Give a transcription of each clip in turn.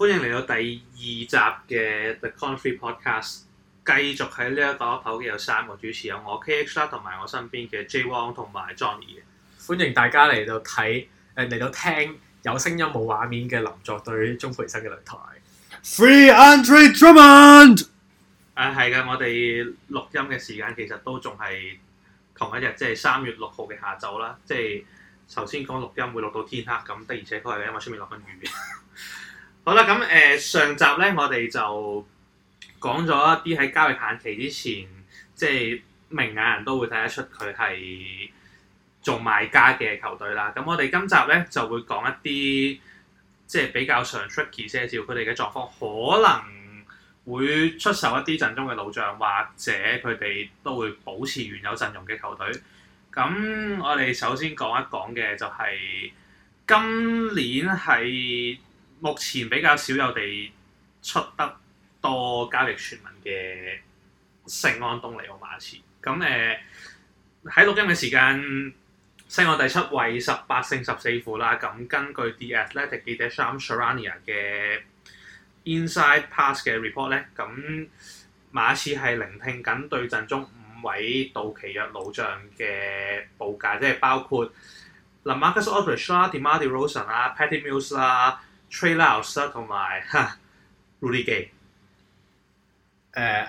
歡迎嚟到第二集嘅 The Country Podcast，繼續喺呢一個屋口嘅有三個主持人，有我 K x 啦，同埋我身邊嘅 Jay Wong 同埋 Johnny，歡迎大家嚟到睇，誒嚟到聽有聲音冇畫面嘅林作對鍾培生嘅擂台。Free Andre Drummond，啊係嘅，我哋錄音嘅時間其實都仲係同一日，即係三月六號嘅下晝啦。即係頭先講錄音會錄到天黑咁，的而且確係因為出面落緊雨。 好啦，咁誒、呃、上集咧，我哋就講咗一啲喺交易限期之前，即係明眼人都會睇得出佢係做賣家嘅球隊啦。咁我哋今集咧就會講一啲即係比較常 tricky 些少，佢哋嘅狀況可能會出售一啲陣中嘅老將，或者佢哋都會保持原有陣容嘅球隊。咁我哋首先講一講嘅就係、是、今年係。目前比較少有地出得多交易傳聞嘅聖安東尼奧馬刺，咁誒喺錄音嘅時間，聖安第七位，十八勝十四負啦。咁根據 The Athletic 記者 Shams Charania 嘅 Inside Pass 嘅 report 咧，咁馬刺係聆聽緊對陣中五位到期約老將嘅報價，即係包括嗱 LaMarcus Aldridge 啦、DeMar DeRozan 啦、Patty Mills 啦、Trey Lyles 同埋 Rudy Gay，誒，uh，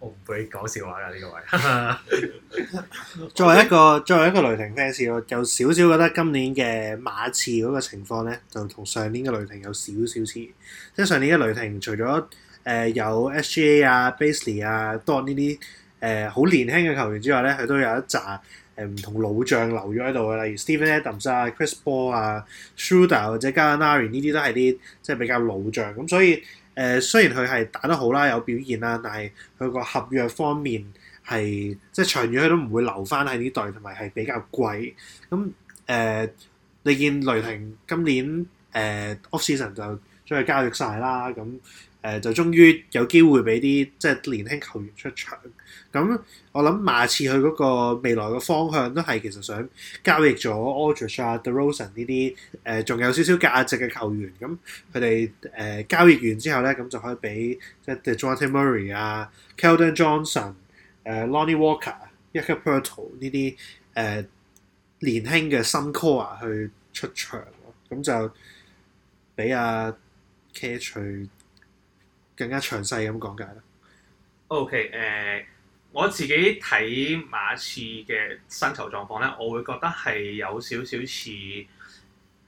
我唔會講笑話㗎呢個位。 作為一個 Okay. 作為一個雷霆 fans，我有少少覺得今年嘅馬刺嗰個情況咧，就同上年嘅雷霆有少少似。即係上年嘅雷霆除，除咗誒有 SGA 啊、Bazley 啊 Dort 呢啲誒好年輕嘅球員之外咧，佢都有一紮，誒唔同老將留咗喺度嘅啦，例如 Stephen Adams 啊、Chris Paul 啊、Schröder 或者 Gallinari 呢啲都係啲即係比較老將咁，所以誒雖然佢係打得好啦、有表現啦，但係佢個合約方面係即係長遠佢都唔會留翻喺呢隊，同埋係比較貴咁誒。你見雷霆今年誒 off season 就將佢交易曬啦咁。誒、呃、就終於有機會俾啲即係年輕球員出場，咁我諗馬刺去嗰個未來嘅方向都係其實想交易咗 Aldridge、啊、DeRozan 呢啲誒仲、呃、有少少價值嘅球員，咁佢哋誒交易完之後咧，咁就可以俾即係 Dejounte Murray 啊、Keldon Johnson、誒 Lonnie Walker、Lon e、er, 呃 um、Poeltl 呢啲誒年輕嘅新 core 去出場咯，咁就俾阿、啊、Kesh 去。更加詳細咁講解啦。OK，誒，uh，我自己睇馬刺嘅薪酬狀況咧，我會覺得係有少少似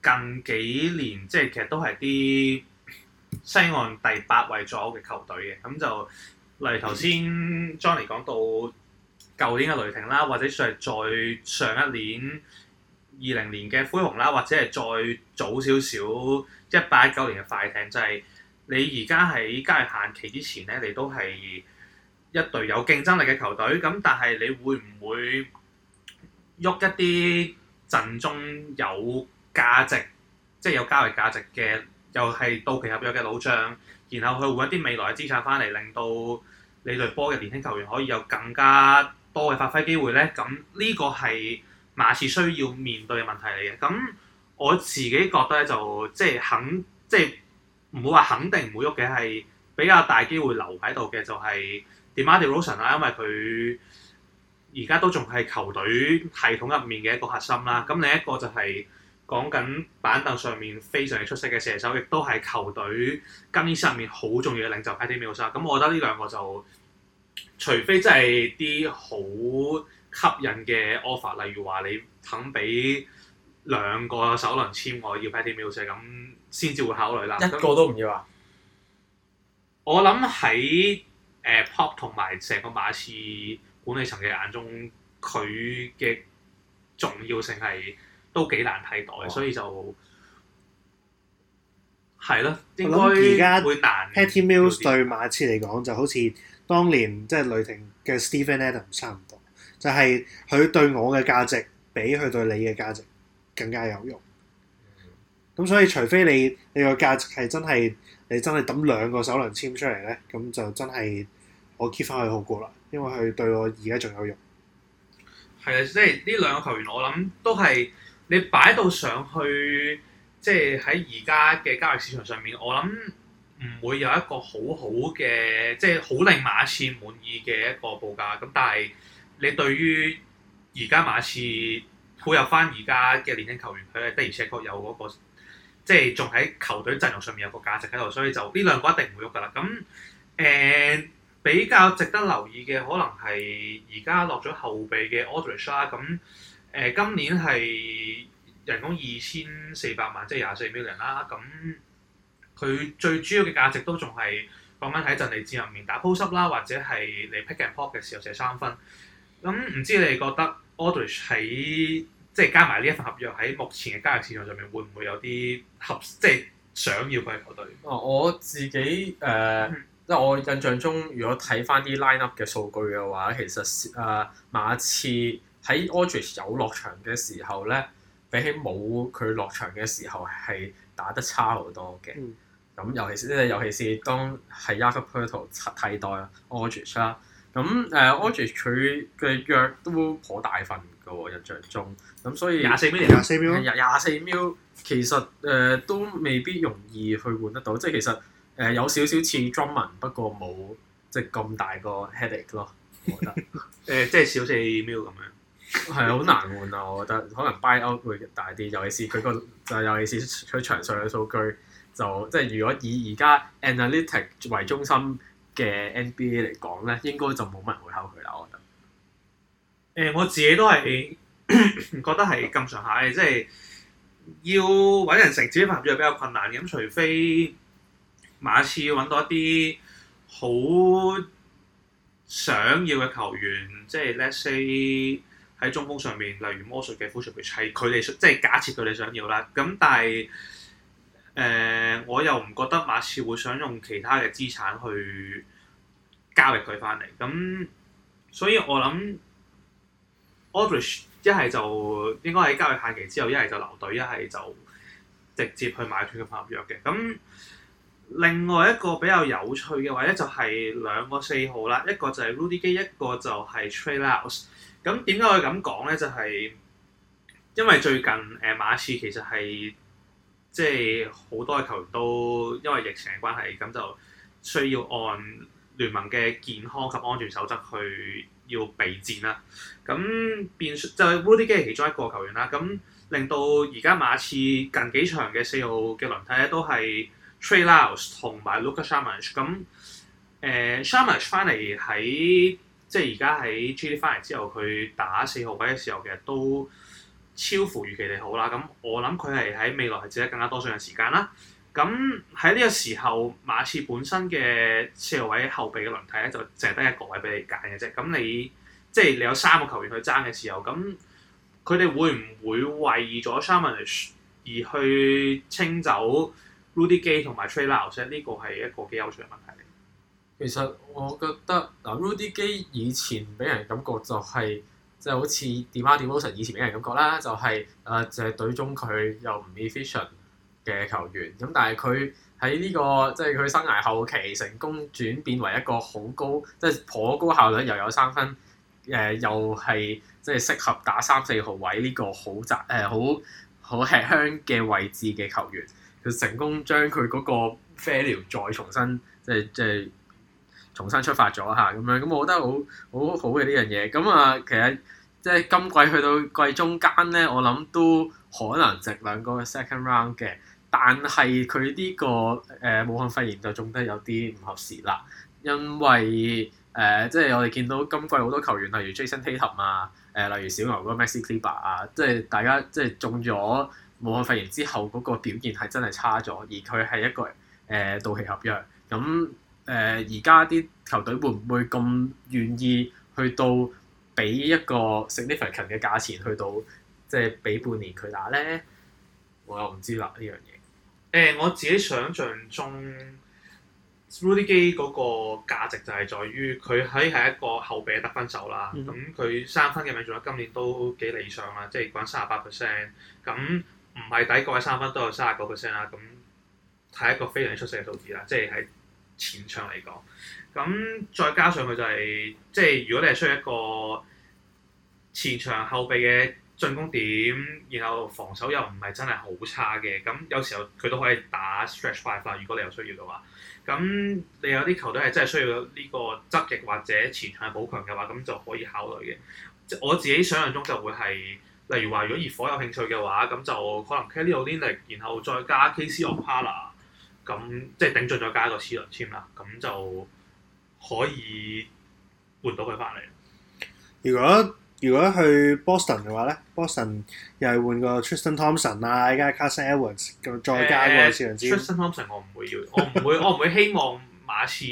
近幾年，即係其實都係啲西岸第八位左右嘅球隊嘅。咁就例如頭先 Johnny 講到舊年嘅雷霆啦，或者上再上一年二零年嘅灰熊啦，或者係再早少少一八一九年嘅快艇，就係、是。你而家喺交易限期之前咧，你都係一隊有競爭力嘅球隊，咁但係你會唔會喐一啲陣中有價值，即係有交易價值嘅，又係到期合約嘅老將，然後去換一啲未來嘅資產翻嚟，令到你隊波嘅年輕球員可以有更加多嘅發揮機會咧？咁呢個係馬刺需要面對嘅問題嚟嘅。咁我自己覺得咧，就即係肯即係。唔會話肯定唔會喐嘅，係比較大機會留喺度嘅就係、是、Demar Derozan 啦，de an, 因為佢而家都仲係球隊系統入面嘅一個核心啦。咁另一個就係講緊板凳上面非常之出色嘅射手，亦都係球隊更衣室入面好重要嘅領袖。Patty Mills 啊，咁我覺得呢兩個就除非真係啲好吸引嘅 offer，例如話你肯俾兩個首輪籤，我要 Patty Mills 咁。先至會考慮啦。一個都唔要啊！我諗喺誒 Pop 同埋成個馬刺管理層嘅眼中，佢嘅重要性係都幾難替代，哦、所以就係咯。我諗而家會難。Patty Mills 對馬刺嚟講，就好似當年即係、就是、雷霆嘅 Stephen Adams 差唔多，就係、是、佢對我嘅價值，比佢對你嘅價值更加有用。咁所以除非你你個價值係真係你真係抌兩個首輪簽出嚟咧，咁就真係我 keep 翻佢好過啦，因為佢對我而家仲有用。係啊，即係呢兩個球員，我諗都係你擺到上去，即係喺而家嘅交易市場上面，我諗唔會有一個好好嘅，即係好令馬刺滿意嘅一個報價。咁但係你對於而家馬刺配合翻而家嘅年輕球員，佢係的而且確有嗰、那個。即係仲喺球隊陣容上面有個價值喺度，所以就呢兩個一定唔會喐噶啦。咁誒、呃、比較值得留意嘅可能係而家落咗後備嘅 Audrey s h a，咁誒今年係人工二千四百萬，即係廿四 million 啦。咁佢最主要嘅價值都仲係講緊喺陣地戰入面打 postup 啦，或者係你 pick and pop 嘅時候射三分。咁唔知你哋覺得 Audrey 喺？即係加埋呢一份合約喺目前嘅交易市場上面，會唔會有啲合即係想要嘅球隊？啊，我自己誒，即、呃、係、嗯、我印象中，如果睇翻啲 lineup 嘅數據嘅話，其實誒馬刺喺 Aldridge 有落場嘅時候咧，比起冇佢落場嘅時候係打得差好多嘅。咁、嗯嗯、尤其是即係尤其是當係 Jakob Poeltl 替代 Aldridge 啦、啊，咁誒 Aldridge 佢嘅約都頗大份。我印象中，咁所以廿四 mill，廿四 mill，廿廿四 mill，其實誒、呃、都未必容易去換得到，即係其實誒、呃、有少少似 Drummond 不過冇即係咁大個 headache 咯，我覺得誒、 呃、即係小四 mill、mm、咁樣，係好難換啊！我覺得可能 buy out 會大啲，尤其是佢個就尤其是佢場上嘅數據，就即係如果以而家 analytics 為中心嘅 NBA 嚟講咧，應該就冇乜人會考佢啦，我覺得。誒、呃，我自己都係 覺得係咁上下嘅， 即係要揾人成自己嘅合約比較困難。咁除非馬刺要揾到一啲好想要嘅球員，即係 let's say 喺中鋒上面，例如魔術嘅 Fouche 佢哋即係假設佢哋想要啦。咁但係誒、呃，我又唔覺得馬刺會想用其他嘅資產去交易佢翻嚟。咁所以我諗。Aldridge 一係就應該喺交易限期之後，一係就留隊，一係就直接去買斷佢份合約嘅。咁另外一個比較有趣嘅話咧，就係、是、兩個四號啦，一個就係 Rudy Gay，一個就係 Trey Lyles。咁點解我會咁講咧？就係、是、因為最近誒馬刺其實係即係好多嘅球員都因為疫情嘅關係，咁就需要按聯盟嘅健康及安全守則去。要備戰啦，咁變就係 Rudy Gay 其中一個球員啦，咁令到而家馬刺近幾場嘅四號嘅輪替咧都係 Trey Lyles 同埋 Luka Samanic 咁，誒 Samanic 翻嚟喺即係而家喺 G League 翻嚟之後，佢打四號位嘅時候其實都超乎預期地好啦，咁我諗佢係喺未來係值得更加多啲嘅時間啦。咁喺呢個時候，馬刺本身嘅四位後備嘅輪替咧，就淨係得一個位俾你揀嘅啫。咁你即係你有三個球員去爭嘅時候，咁佢哋會唔會為咗 Samanic 而去清走 Rudy Gay 同埋 Trey Lyles？所以呢個係一個幾有趣嘅問題嚟。其實我覺得嗱，Rudy Gay 以前俾人感覺就係、是、就是、好似 DeMar DeRozan 以前俾人感覺啦、就是，就係誒就係隊中佢又唔 efficient。嘅球員咁，但係佢喺呢個即係佢生涯後期成功轉變為一個好高，即、就、係、是、頗高效率又有三分，誒、呃、又係即係適合打三四號位呢、這個好雜誒好好吃香嘅位置嘅球員，佢成功將佢嗰個 failure 再重新即係即係重新出發咗吓咁樣，咁我覺得好好好嘅呢樣嘢。咁、嗯、啊，其實即係、就是、今季去到季中間咧，我諗都可能值兩個 second round 嘅。但係佢呢個誒、呃、武漢肺炎就中得有啲唔合時啦，因為誒、呃、即係我哋見到今季好多球員例如 Jason Tatum 啊，誒、呃、例如小牛個 Maxi Kleber 啊，即係大家即係中咗武漢肺炎之後，嗰個表現係真係差咗，而佢係一個誒、呃、到期合約，咁誒而家啲球隊會唔會咁願意去到俾一個 significant 嘅價錢去到即係俾半年佢打咧？我又唔知啦呢樣。誒我自己想象中，Rudy Gay 嗰個價值就係在於佢喺係一個後備嘅得分手啦。咁佢、嗯、三分嘅命中率今年都幾理想啦，即係講三十八 percent。咁唔係底角嘅三分都有三十九 percent 啦。咁係一個非常之出色嘅數字啦，即係喺前場嚟講。咁再加上佢就係即係如果你係需要一個前場後備嘅進攻點，然後防守又唔係真係好差嘅，咁有時候佢都可以打 stretch five 啦。如果你有需要嘅話，咁你有啲球隊係真係需要呢個側翼或者前場補強嘅話，咁就可以考慮嘅。即我自己想象中就會係，例如話如果熱火有興趣嘅話，咁就可能 Kelly Olynyk，然後再加 KZ Okpala，咁即係頂盡再加一個次輪籤啦，咁就可以換到佢翻嚟。如果如果去 Boston 嘅話咧，Boston 又係換個 Tristan Thompson 啦、啊，依家 Carsen Edwards 再加個市場資。呃、Tristan Thompson 我唔會要，我唔會， 我唔會希望馬刺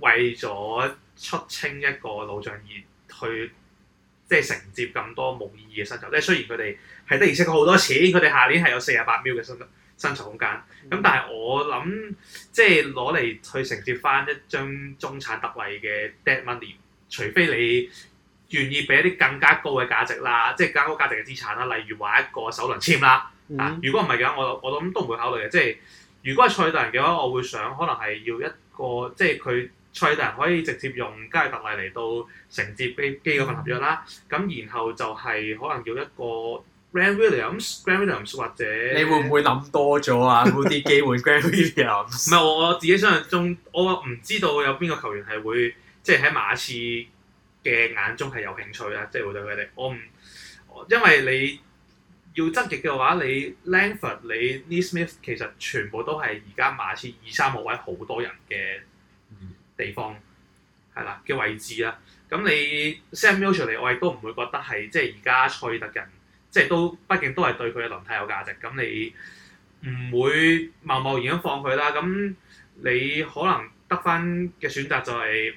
為咗出清一個老將而去，即係承接咁多冇意義嘅薪酬。即係雖然佢哋係得而識咗好多錢，佢哋下年係有四十八 million 嘅薪薪酬空間。咁、mm hmm. 但係我諗，即係攞嚟去承接翻一張中產特例嘅 dead money，除非你願意俾一啲更加高嘅價值啦，即係更加高價值嘅資產啦，例如話一個首輪籤啦。Mm hmm. 啊，如果唔係嘅話，我我諗都唔會考慮嘅。即係如果係賽特人嘅話，我會想可能係要一個，即係佢賽特人可以直接用加特例嚟到承接機機嗰份合約啦。咁、mm hmm. 然後就係可能要一個 Grant Williams 或者你會唔會諗多咗啊？嗰啲 機會 Grant Williams 唔係我自己想象中，我唔知道有邊個球員係會即係喺馬刺嘅眼中係有興趣啦，即係會對佢哋。我唔，因為你要積極嘅話，你 Langford 你 Nesmith 其實全部都係而家馬刺二三號位好多人嘅地方，係啦嘅位置啦。咁你 Samuel 出嚟，我亦都唔會覺得係即係而家賽特人，即係都畢竟都係對佢嘅輪替有價值。咁你唔會貿貿然咁放佢啦。咁你可能得翻嘅選擇就係、是。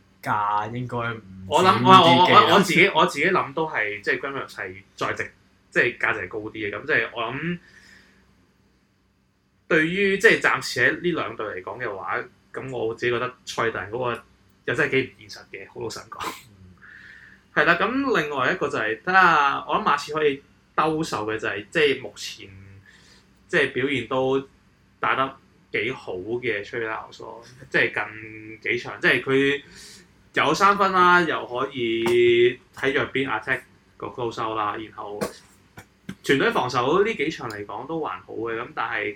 價應該唔，我諗我我我自己我自己諗都係即係 Granuel 係再值，即係價值係高啲嘅。咁即係我諗，對於即係暫時喺呢兩隊嚟講嘅話，咁我自己覺得賽特人嗰、那個又真係幾唔現實嘅。好老實講，係啦、嗯。 咁另外一個就係睇下，我諗馬刺可以兜售嘅就係、是、即係目前即係表現都打得幾好嘅吹牛所，即係近幾場，即係佢。有三分啦，啊，又可以喺入邊 attack 個高收啦，然後全隊防守呢幾場嚟講都還好嘅，咁，但係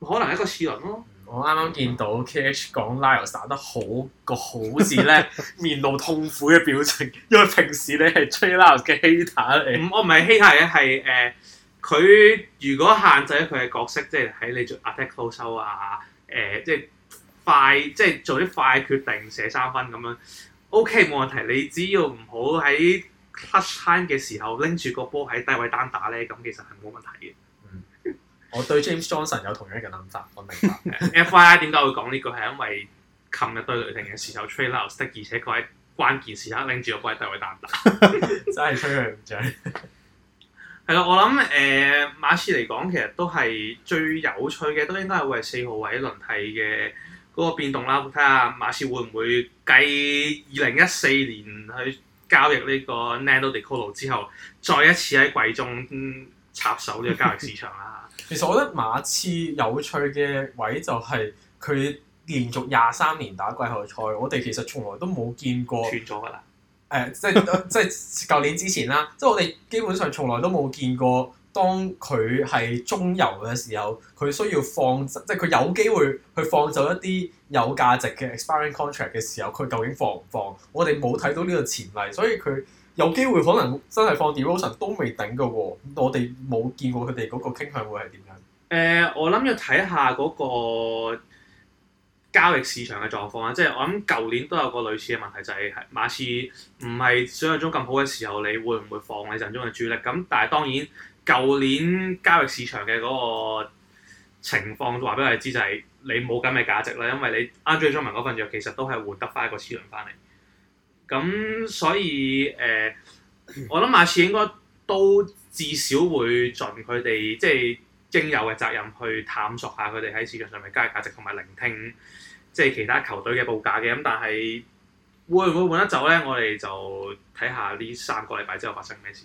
可能一個次輪咯，啊。我啱啱見到 K H 講 l i l e 打得好個好事咧，面露痛苦嘅表情，因為平時你係吹 l i l e 嘅 hater 嚟。我唔係 hater 嘅，係誒佢如果限制咗佢嘅角色，即係喺你做 attack 高收啊，誒、呃、即係。即快即係做啲快決定，射三分咁樣，OK 冇問題。你只要唔好喺 clutch time 嘅時候拎住個波喺低位單打咧，咁其實係冇問題嘅。嗯，我對 James Johnson 有同樣嘅諗法，我明白。FYI 點解會講呢個係因為琴日對雷霆嘅時候 t r a i l e s t 而且佢喺關鍵時刻拎住個波喺低位單打， 真係吹佢唔準。係 啦，我諗誒、呃、馬刺嚟講，其實都係最有趣嘅，都應該係為四號位輪替嘅。嗰個變動啦，睇下馬刺會唔會繼二零一四年去交易呢個 Nando De Colo 之後，再一次喺季中插手呢個交易市場啦。 其實我覺得馬刺有趣嘅位就係佢連續廿三年打季後賽，我哋其實從來都冇見過。斷咗㗎啦！誒、呃，即係即係舊年之前啦， 即係我哋基本上從來都冇見過。當佢係中游嘅時候，佢需要放，即係佢有機會去放走一啲有價值嘅 expiring contract 嘅時候，佢究竟放唔放？我哋冇睇到呢個前例，所以佢有機會可能真係放 devotion 都未頂噶喎。我哋冇見過佢哋嗰個傾向會係點樣？誒、呃，我諗要睇下嗰個交易市場嘅狀況啦。即係我諗舊年都有個類似嘅問題，就係馬刺唔係想像中咁好嘅時候，你會唔會放你陣中嘅主力？咁但係當然。舊年交易市場嘅嗰個情況，話俾我哋知就係、是、你冇咁嘅價值啦，因為你 Andrew Johnson 嗰份約其實都係換得翻一個次輪翻嚟。咁所以誒、呃，我諗馬刺應該都至少會盡佢哋即係應有嘅責任去探索下佢哋喺市場上面交易價值，同埋聆聽即係、就是、其他球隊嘅報價嘅。咁但係會唔會換得走咧？我哋就睇下呢三個禮拜之後發生咩事。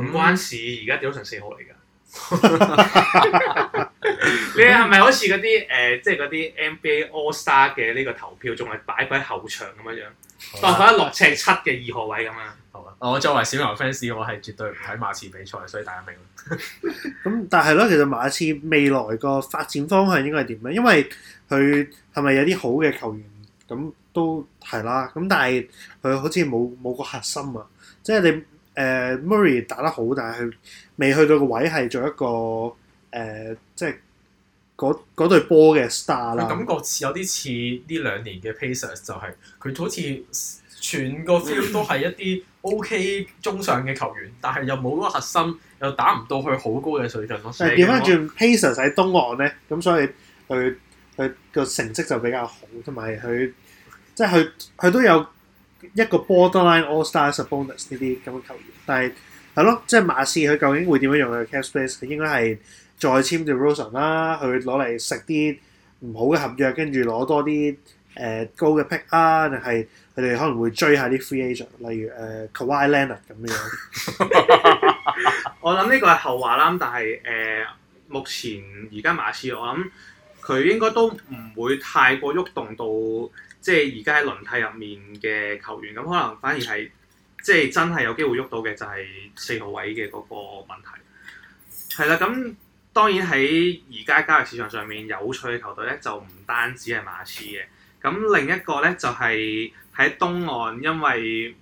唔那關事，而家屌成四號嚟㗎。你係咪好似嗰啲誒，即係嗰啲 NBA All Star 嘅呢個投票，仲係擺鬼後場咁樣樣？啊、當佢一落尺七嘅二號位咁啊！好啊！我作為小牛 fans，我係絕對唔睇馬刺比賽，所以大家明。咁 但係咯，其實馬刺未來個發展方向應該係點咧？因為佢係咪有啲好嘅球員？咁都係啦。咁但係佢好似冇冇個核心啊！即係你。誒、uh, Murray 打得好，但係佢未去到個位係做一個誒，uh, 即係嗰隊波嘅 star 啦。感覺似有啲似呢兩年嘅 Pacers 就係佢好似全個 feel 都係一啲 OK 中上嘅球員， 但係又冇嗰個核心，又打唔到佢好高嘅水準咯。但係、嗯、以轉翻轉 Pacers 喺東岸咧，咁所以佢佢個成績就比較好，同埋佢即係佢佢都有。一個 borderline all stars bonus 呢啲咁嘅球員，但係係咯，即係馬刺佢究竟會點樣用佢 cash space？佢應該係再簽啲 roson 啦，佢攞嚟食啲唔好嘅合約，跟住攞多啲誒高嘅 pick 啊，定係佢哋可能會追下啲 free agent，例如誒、呃、Kawhi Leonard 咁嘅樣。 我諗呢個係後話啦，但係誒、呃、目前而家馬刺我諗佢應該都唔會太過喐動到。即係而家喺輪替入面嘅球員，咁可能反而係即係真係有機會喐到嘅就係四號位嘅嗰個問題。係啦，咁當然喺而家交易市場上面有趣嘅球隊咧，就唔單止係馬刺嘅，咁另一個咧就係、是、喺東岸，因為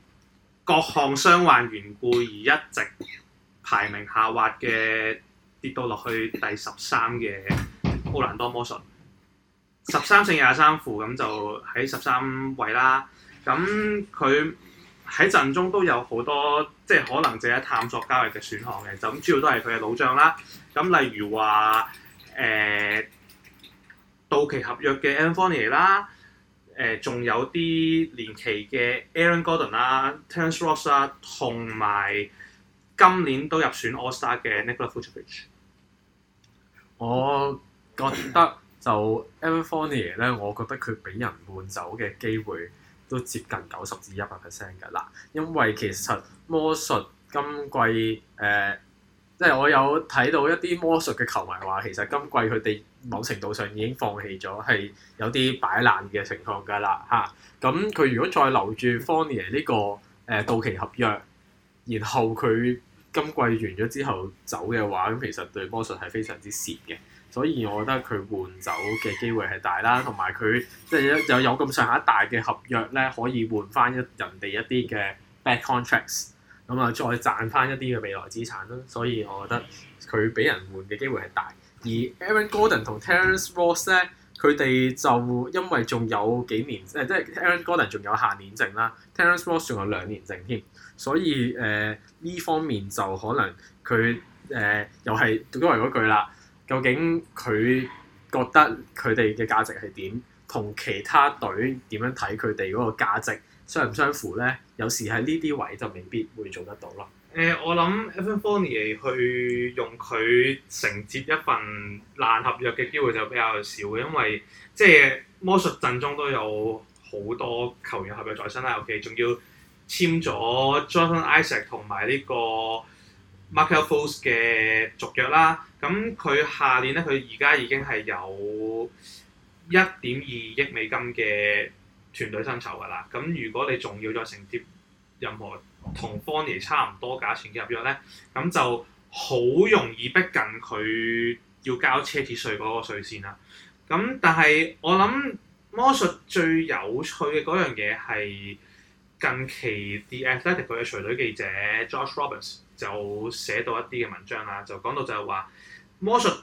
各項傷患緣故而一直排名下滑嘅，跌到落去第十三嘅奧蘭多魔術。十三勝廿三負，咁就喺十三位啦。咁佢喺陣中都有好多，即係可能淨係探索交易嘅選項嘅，就咁主要都係佢嘅老將啦。咁例如話，誒、欸、到期合約嘅 Fournier 啦，誒、欸、仲有啲年期嘅 Aaron Gordon 啦、Terrence Ross 啦，同埋今年都入選 All Star 嘅 Nikola Vucevic。我覺得。 就 Fournier 咧，我覺得佢俾人換走嘅機會都接近九十至一百 percent 嘅啦。因為其實魔術今季誒、呃，即係我有睇到一啲魔術嘅球迷話，其實今季佢哋某程度上已經放棄咗，係有啲擺爛嘅情況㗎啦嚇。咁、啊、佢如果再留住 Fournier 呢、這個誒、呃、到期合約，然後佢今季完咗之後走嘅話，咁其實對魔術係非常之蝕嘅。所以我覺得佢換走嘅機會係大啦，同埋佢即係有、就是、有咁上下大嘅合約咧，可以換翻一人哋一啲嘅 bad contracts，咁啊再賺翻一啲嘅未來資產啦。所以我覺得佢俾人換嘅機會係大。而 Aaron Gordon 同 Terrence Ross 咧，佢哋就因為仲有幾年誒，即係 Aaron Gordon 仲有下年剩啦，Terrence Ross 仲有兩年剩添，所以誒呢、呃、方面就可能佢誒、呃、又係都係嗰句啦。究竟佢覺得佢哋嘅價值係點，同其他隊點樣睇佢哋嗰個價值相唔相符咧？有時喺呢啲位就未必會做得到咯。誒、呃，我諗、e、Evan Fournier 去用佢承接一份爛合約嘅機會就比較少嘅，因為即係魔術陣中都有好多球員合約在身啦，尤其仲要簽咗 Jonathan Isaac 同埋呢個。Michael Fos 嘅續約啦，咁佢下年咧，佢而家已經係有一點二億美金嘅團隊薪酬噶啦，咁如果你仲要再承接任何同 Fournier 差唔多價錢嘅合約咧，咁就好容易逼近佢要交奢侈稅嗰個稅線啦。咁但係我諗魔術最有趣嘅嗰樣嘢係近期 The Athletic 佢嘅隨隊記者 Josh Roberts。就寫到一啲嘅文章啦，就講到就係話，魔術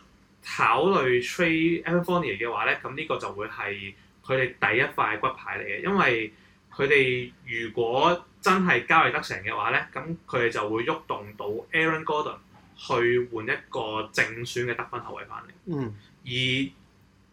考慮 trade Evan Fournier 嘅話咧，咁呢個就會係佢哋第一塊骨牌嚟嘅，因為佢哋如果真係交易得成嘅話咧，咁佢哋就會喐動到 Aaron Gordon 去換一個正選嘅得分後衞翻嚟。嗯。而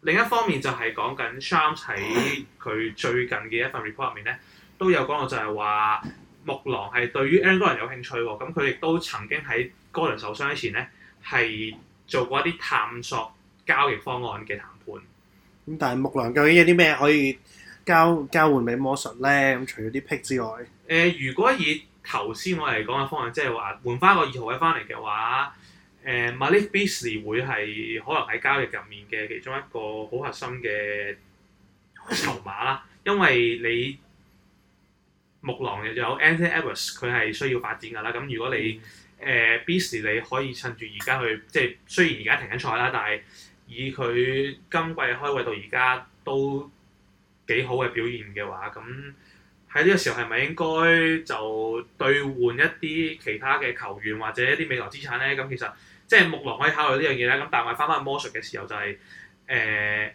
另一方面就係講緊 Shams 喺佢最近嘅一份 report 入面咧，都有講到就係話，木狼係對於 Aaron Gordon 有興趣喎，咁佢亦都曾經喺 Gordon 受傷之前咧，係做過一啲探索交易方案嘅談判。咁但係木狼究竟有啲咩可以交交換俾魔術咧？咁除咗啲 Pick 之外，誒、呃、如果以頭先我哋講嘅方案，即係話換翻個二號位翻嚟嘅話，誒、呃、Malik Beasley 會係可能喺交易入面嘅其中一個好核心嘅籌碼啦， 因為你。木狼有 Anthony e d w a r s 佢係需要發展㗎啦。咁如果你誒 B 時你可以趁住而家去，即係雖然而家停緊賽啦，但係以佢今季開胃到而家都幾好嘅表現嘅話，咁喺呢個時候係咪應該就對換一啲其他嘅球員或者一啲未來資產咧？咁其實即係木狼可以考慮呢樣嘢咧。咁但係翻翻去魔 o 嘅時候就係、是、誒。呃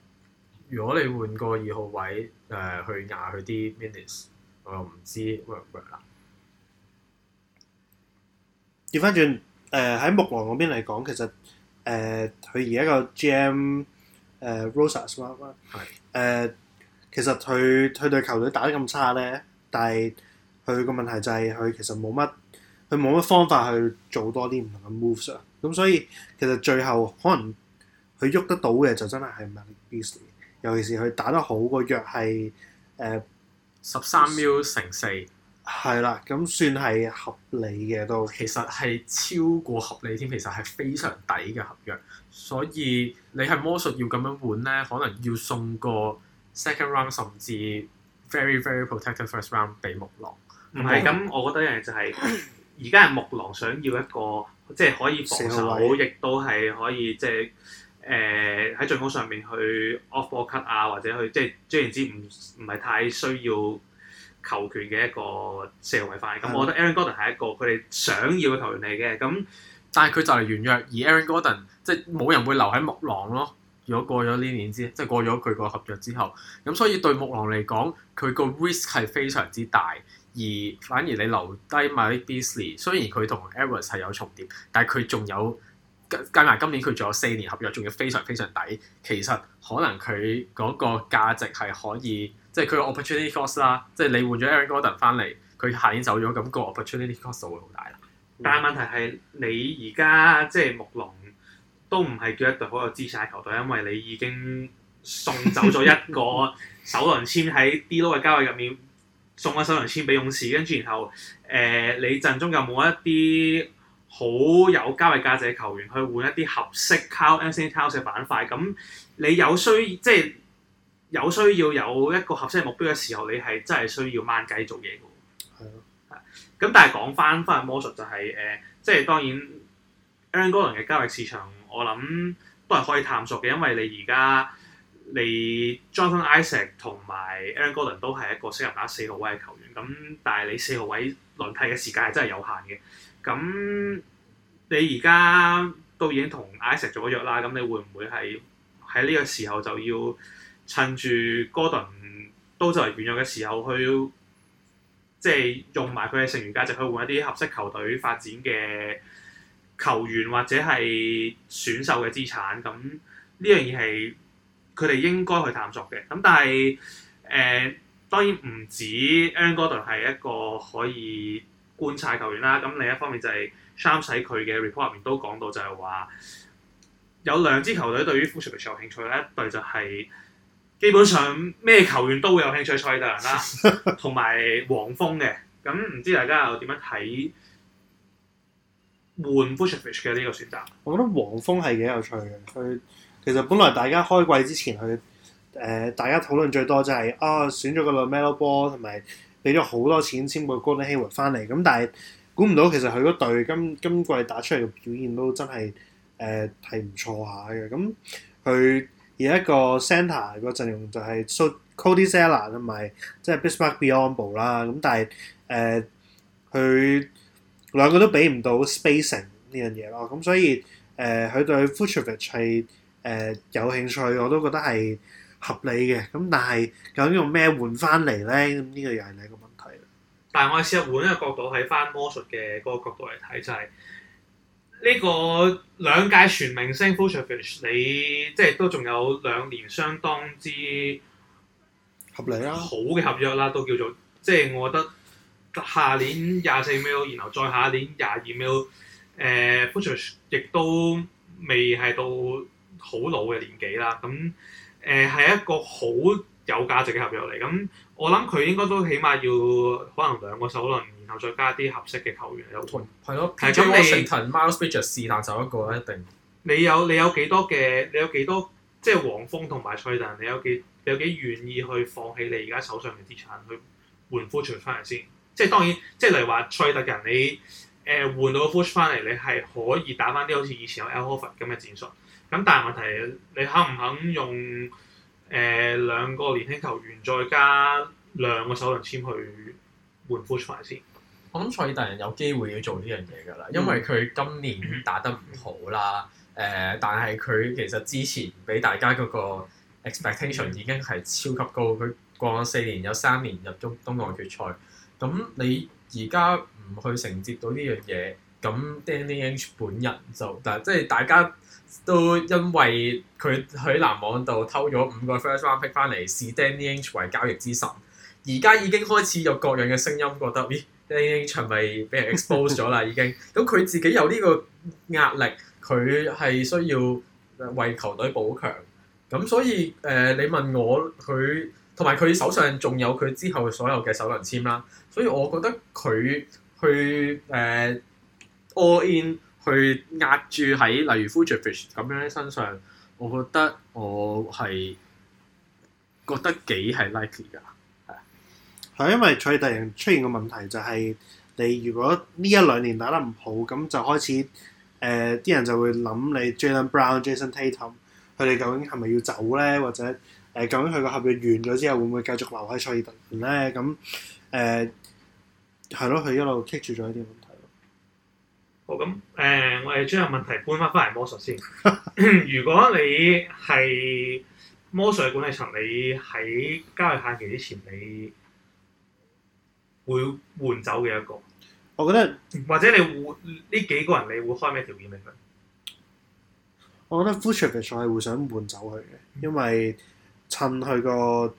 如果你換個二號位誒、呃、去壓佢啲 minutes，我又唔知會會 work 唔 work 啦。調翻轉誒喺木狼嗰邊嚟講，其實誒佢而家個 GM 誒 Rosas，係誒是、呃、其實佢佢對球隊打得咁差咧，但係佢個問題就係佢其實冇乜佢冇乜方法去做多啲唔同嘅 moves。咁所以其實最後可能佢喐得到嘅就真係係 m 尤其是佢打得好，個約係誒十三米乘四，係、呃、啦，咁算係合理嘅都。其實係超過合理添，其實係非常抵嘅合約。所以你係魔術要咁樣換咧，可能要送個 second round 甚至 very very protective first round 俾木狼。唔係咁，我，我覺得一樣嘢就係而家係木狼想要一個即係、就是、可以防守，亦都係可以即係。就是誒喺進攻上面去 off ball cut 啊，或者去即係總言之唔唔係太需要球權嘅一個四號位返嚟。咁、嗯、我覺得 Aaron Gordon 係一個佢哋想要嘅球員嚟嘅。咁但係佢就嚟完約，而 Aaron Gordon 即係冇人會留喺木狼咯。如果過咗呢年之，即係過咗佢個合約之後，咁所以對木狼嚟講，佢個 risk 係非常之大。而反而你留低 Malik Beasley 雖然佢同 Edwards 係有重疊，但係佢仲有。加埋今年佢仲有四年合約，仲要非常非常抵。其實可能佢嗰個價值係可以，即係佢個 opportunity cost 啦。即係你換咗 Aaron Gordon 翻嚟，佢下年走咗，咁、個 opportunity cost 會好大啦。嗯、但係問題係，你而家即係木龍都唔係叫一隊好有資產嘅球隊，因為你已經送走咗一個首輪籤喺 DLO 嘅交易入面， 送咗首輪籤俾勇士，跟住然後誒、呃，你陣中有冇一啲？好有交易價值嘅球員去換一啲合適 Karl-Anthony Towns 嘅板塊，咁你有需即係、就是、有需要有一個合適嘅目標嘅時候，你係真係需要掹雞做嘢嘅。係咯，係。 咁但係講翻翻去 Magic 就係、是、誒，即、呃、係、就是、當然 Aaron Gordon 嘅交易市場，我諗都係可以探索嘅，因為你而家你 Jonathan Isaac 同埋 Aaron Gordon 都係一個適合打四號位嘅球員，咁但係你四號位輪替嘅時間係真係有限嘅。咁你而家都已經同艾食咗約啦，咁你會唔會係喺呢個時候就要趁住戈登都作為軟弱嘅時候去，即係用埋佢嘅剩餘價值去換一啲合適球隊發展嘅球員或者係選秀嘅資產？咁呢樣嘢係佢哋應該去探索嘅。咁但係誒、呃，當然唔止艾戈登係一個可以。觀察球員啦，咁另一方面就係 Shams 佢嘅 report 入面都講到，就係話有兩支球隊對於 Vučević 有興趣，一隊就係基本上咩球員都會有興趣，塞爾特人啦，同埋黃蜂嘅。咁唔知大家又點樣睇換 Vučević 嘅呢個選擇？我覺得黃蜂係幾有趣嘅，佢其實本來大家開季之前佢誒、呃、大家討論最多就係、是、啊選咗個 LaMelo Ball 同埋。俾咗好多錢先簽個高登希活返嚟，咁但係估唔到其實佢嗰隊今今季打出嚟嘅表現都真係誒係唔錯下嘅。咁佢而家個 centre 個陣容就係 Cody Zeller 同埋即係 Bismack Biyombo 啦。咁但係誒佢兩個都俾唔到 spacing 呢樣嘢咯。咁所以誒佢、呃、對 Vucevic 係誒、呃、有興趣，我都覺得係。合理嘅咁，但係究竟用咩換翻嚟咧？咁、這、呢個又係另一個問題，但係我試下換一個角度，喺翻魔術嘅嗰個角度嚟睇，就係、是、呢個兩屆全明星 Futurish，你即係都仲有兩年相當之合理啦、啊，好嘅合約啦，都叫做即係我覺得下年廿四秒，然後再下年廿二秒，誒、呃、Futurish 亦都未係到好老嘅年紀啦，咁。誒係一個好有價值嘅合約嚟，咁我諗佢應該都起碼要可能兩個手輪，然後再加啲合適嘅球員。有同，係咯。咁，James Harden、Miles Bridges 試探就一個一定。你有你有幾多嘅？你有幾多？即係黃蜂同埋賽特你有幾有幾願意去放棄你而家手上嘅資產去換 Fuchs 翻嚟先？即係當然，即係例如話賽特人，你誒、呃、換到 Fuchs 翻嚟，你係可以打翻啲好似以前有 Al Horford 咁嘅戰術。咁但係問題，你肯唔肯用誒兩個年輕球員再加兩個首輪籤去換富士曼先？我諗塞爾特人有機會要做呢樣嘢㗎啦，因為佢今年打得唔好啦，誒，但係佢其實之前俾大家嗰個 expectation 已經係超級高，佢過咗四年有三年入咗東岸決賽，咁你而家唔去承接到呢樣嘢？咁 Danny H 本人就但即係大家都因為佢喺籃網度偷咗五個 first round pick 翻嚟，視 Danny H 為交易之神。而家已經開始有各樣嘅聲音，覺得咦，Danny H 係咪俾人 expose 咗啦已經。咁佢自己有呢個壓力，佢係需要為球隊補強。咁所以誒、呃，你問我佢，同埋佢手上仲有佢之後所有嘅首輪籤啦。所以我覺得佢去誒。all in 去壓住喺例如 future fish 咁樣嘅身上，我覺得我係覺得幾係 likely 㗎。係啊，係因為賽特人出現個問題就係、是、你如果呢一兩年打得唔好，咁就開始誒啲、呃、人就會諗你 Jaylen Brown、Jason Tatum 佢哋究竟係咪要走咧？或者誒、呃、究竟佢個合約完咗之後會唔會繼續留喺賽特人咧？咁誒係咯，佢、呃、一路 keep 住咗呢啲。好，咁，誒，我哋將個問題搬翻翻嚟魔 o 先。 如果你係魔 o 嘅管理層，你喺交易限期之前，你會換走嘅一個？我覺得，或者你換呢幾個人，你會開咩條件俾佢？我覺得 Fuchsich 係係會想換走佢嘅，嗯、因為趁佢個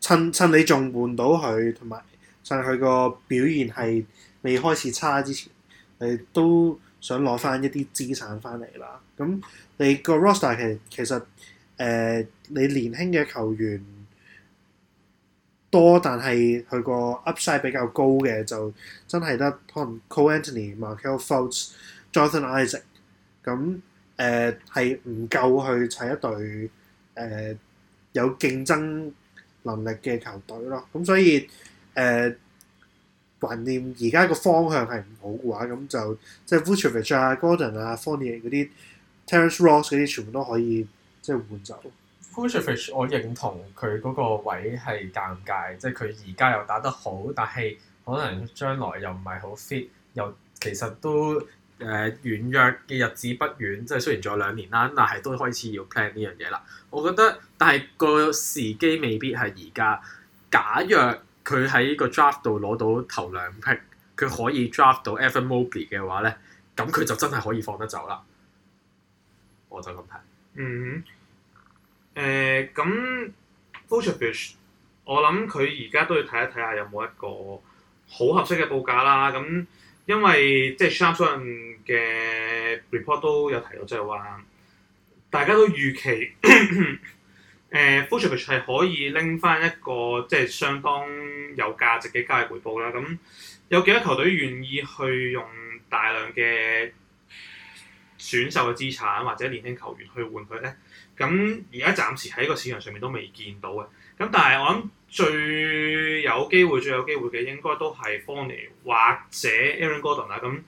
趁趁你仲換到佢，同埋趁佢個表現係未開始差之前。你都想攞翻一啲資產翻嚟啦，咁你個 roster 其實誒、呃、你年輕嘅球員多，但係佢個 upside 比較高嘅就真係得可能 Cole Anthony、Markelle Fultz、Jonathan Isaac 咁誒係唔夠去砌一隊誒、呃、有競爭能力嘅球隊咯，咁所以誒。呃懷念而家個方向係唔好嘅話，咁就即係 Vucevic 啊、就是、v v ich, Gordon 啊、Fournier 嗰啲、Terence Ross 嗰啲，全部都可以即係、就是、換走。Vucevic 我認同佢嗰個位係尷尬，即係佢而家又打得好，但係可能將來又唔係好 fit，又其實都誒、呃、軟弱嘅日子不遠，即係雖然仲有兩年啦，但係都開始要 plan 呢樣嘢啦。我覺得，但係個時機未必係而家。假若佢喺個 draft 度攞到頭兩 pick，佢可以 draft 到 Evan Mobley 嘅話咧，咁佢就真係可以放得走啦。我就咁睇。嗯。誒、呃，咁 h o t o r e s h 我諗佢而家都要睇一睇下有冇一個好合適嘅報價啦。咁因為即係 Shutterstock 嘅 report 都有提到，即係話大家都預期。 誒、呃、Vucevic 係可以拎翻一個即係、就是、相當有價值嘅交易回報啦。咁有幾多球隊願意去用大量嘅選秀嘅資產或者年輕球員去換佢咧？咁而家暫時喺個市場上面都未見到嘅。咁但係我諗最有機會、最有機會嘅應該都係 Fournier 或者 Aaron Gordon 啦。咁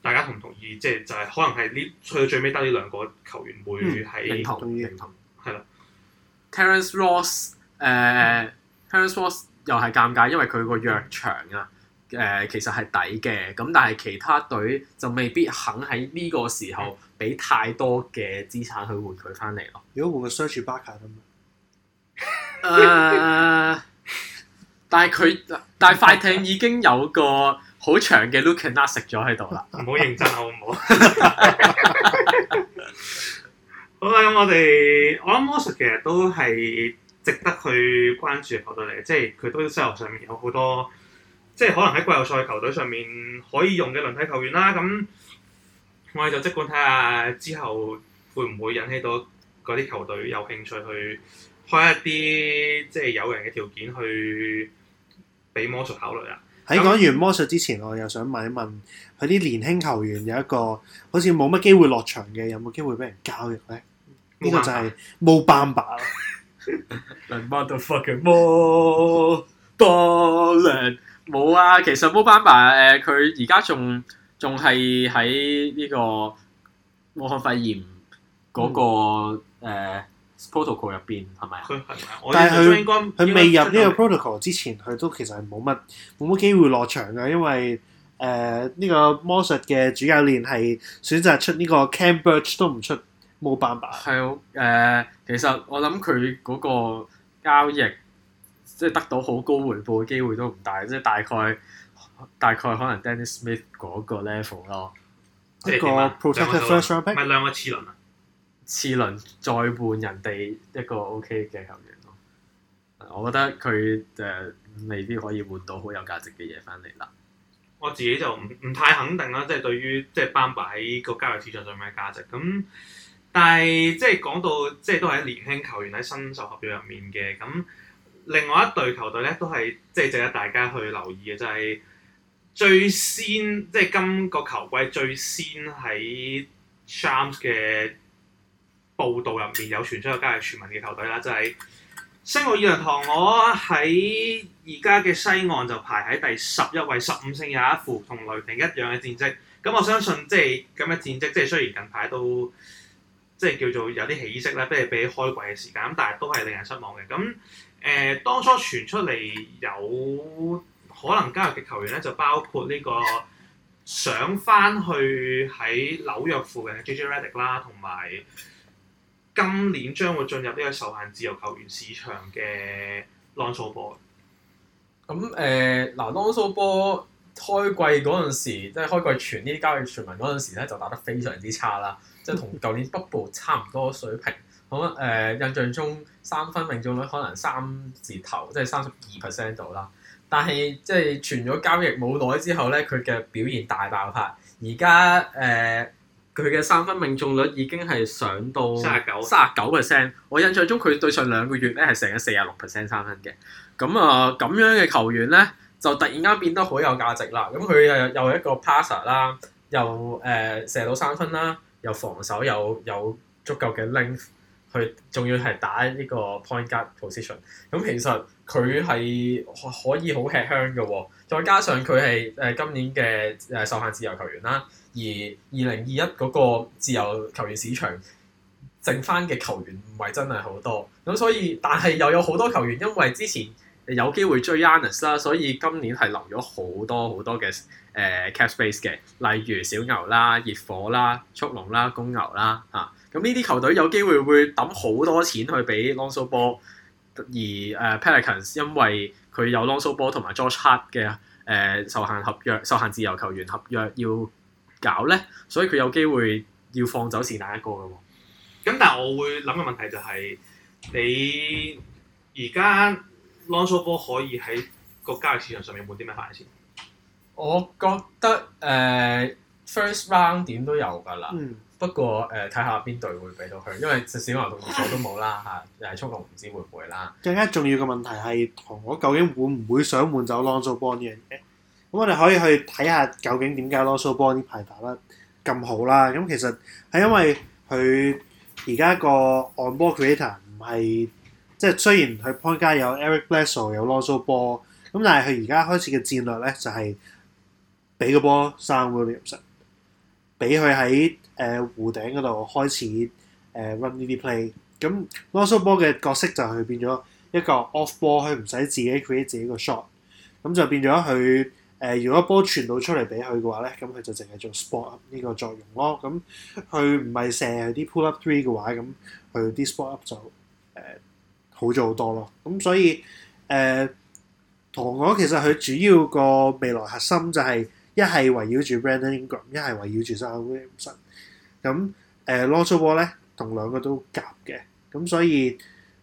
大家同唔同意？即係就係、是、可能係呢去到最尾得呢兩個球員會喺。嗯，認同 Terence Ross，r、uh, Terence Ross 又係尷尬，因為佢個約長啊，誒、uh, 其實係抵嘅，咁但係其他隊就未必肯喺呢個時候俾太多嘅資產去換佢翻嚟咯。如果換個相 h 巴卡 e s 咁啊、呃，但係佢但係快艇已經有個好長嘅 Luke Kennard 食咗喺度啦，唔好 認真好唔好？ 嗯、我諗我哋我諗魔術其實都係值得去關注嘅球隊嚟，即係佢都西遊上面有好多，即係可能喺季後賽球隊上面可以用嘅輪替球員啦。咁我哋就即管睇下之後會唔會引起到嗰啲球隊有興趣去開一啲即係有人嘅條件去俾魔術考慮啊！喺講完魔術之前，我又想問一問佢啲年輕球員有一個好似冇乜機會落場嘅，有冇機會俾人交易咧？呢個就係 Mo Bamba，motherfucking Mo 多靚冇啊！man. 其實 Mo Bamba 誒、呃，佢而家仲仲係喺呢個武漢肺炎嗰、那個、呃、protocol 入邊，係咪啊？但係佢佢未入呢個 protocol 之前，佢都其實係冇乜冇乜機會落場嘅，因為誒呢、呃這個魔術嘅主教練係選擇出呢個 Cambridge 都唔出。冇板板係咯，誒，其實我諗佢嗰個交易，即係得到好高回報嘅機會都唔大，即係大概大概可能 Dennis Smith 嗰個 level 咯。一個 protective first round pick 咪兩個次輪啊，First Republic? 次輪再換人哋一個 OK 嘅球員咯。我覺得佢誒未必可以換到好有價值嘅嘢翻嚟啦。我自己就唔唔太肯定啦，即係對於即係板喺個交易市場上面嘅價值咁。但係，即係講到，即係都係年輕球員喺新秀合約入面嘅。咁另外一隊球隊咧，都係即係值得大家去留意嘅，就係、是、最先即係今個球季最先喺 Shams 嘅報道入面有傳出嘅，加係傳聞嘅球隊啦，就係、是、新奧爾良鵜鶘。我喺而家嘅西岸就排喺第十一位，十五勝廿一負同雷霆一樣嘅戰績。咁我相信即係咁嘅戰績，即係雖然近排都。即係叫做有啲起色咧，不如比起開季嘅時間咁，但係都係令人失望嘅。咁誒、呃，當初傳出嚟有可能加入嘅球員咧，就包括呢個上翻去喺紐約附近嘅 JJ Redick 啦、啊，同埋今年將會進入呢個受限自由球員市場嘅 Lonzo Ball。咁誒，嗱，Lonzo Ball 開季嗰陣時，即係開季傳呢啲交易傳聞嗰陣時咧，就打得非常之差啦。即係同舊年北部差唔多水平，好啊！誒、呃，印象中三分命中率可能三字頭，即係三十二 percent 度啦。但係即係傳咗交易冇耐之後咧，佢嘅表現大爆發。而家誒，佢、呃、嘅三分命中率已經係上到三十九 percent。我印象中佢對上兩個月咧係射咗四十六 percent 三分嘅。咁啊，咁、呃、樣嘅球員咧，就突然間變得好有價值啦。咁佢誒又一個 passer 啦，又、呃、誒射到三分啦。有防守有有足夠嘅 length，佢仲要係打呢個 point guard position，咁其實佢係可以好吃香嘅喎，再加上佢係誒今年嘅誒受限自由球員啦，而二零二一嗰個自由球員市場剩翻嘅球員唔係真係好多，咁所以但係又有好多球員因為之前有機會追 Yanis 啦，所以今年係留咗好多好多嘅。誒、呃、CapSpace 嘅，例如小牛啦、熱火啦、速龍啦、公牛啦嚇，咁呢啲球隊有機會會抌好多錢去俾 Lonzo 波，而、呃、誒 Pelicans 因為佢有 Lonzo、so、波同埋 George Hart 嘅誒、呃、受限合約、受限自由球員合約要搞咧，所以佢有機會要放走是但一個嘅喎、哦？咁、嗯、但係我會諗嘅問題就係、是，你而家 Lonzo 波可以喺個交易市場上面換啲咩嘅嘢？我覺得誒、呃、first round 點都有㗎啦，嗯、不過誒睇下邊隊會俾到佢，因為小牛同熱火都冇啦嚇，又係速龍唔知會唔會啦。更加重要嘅問題係，塘鵝究竟會唔會想換走 Lonzo Ball 呢樣嘢？咁我哋可以去睇下究竟點解 Lonzo Ball 呢排打得咁好啦。咁其實係因為佢而家個 on ball creator 唔係，即係雖然佢 point guard 有 Eric Bledsoe 有 Lonzo Ball，咁但係佢而家開始嘅戰略咧就係、是。俾個波 Zion Williamson，俾佢喺誒湖頂嗰度開始誒、呃、run 呢啲 play。咁拉斯波嘅角色就係變咗一個 off ball，佢唔使自己 create 自己個 shot。咁就變咗佢誒，如果波傳到出嚟俾佢嘅話咧，咁佢就淨係做 spot up 呢個作用咯。咁佢唔係成日啲 pull up three 嘅話，咁佢啲 spot up 就誒、呃、好咗好多咯。咁所以誒，鵜、呃、鶘其實佢主要個未來核心就係、是。一係圍繞住 Brandon Ingram，一係圍繞住 Zion、呃、Williamson。咁 Lautaro 咧同兩個都夾嘅，咁所以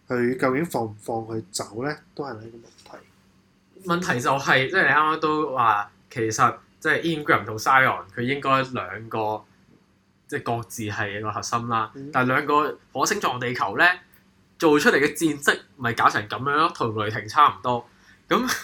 佢究竟放唔放佢走咧，都係呢個問題。問題就係、是、即係你啱啱都話，其實即係 Ingram 同 Zion 佢應該兩個即係各自係一個核心啦。嗯、但係兩個火星撞地球咧做出嚟嘅戰績，咪搞成咁樣咯，同雷霆差唔多。咁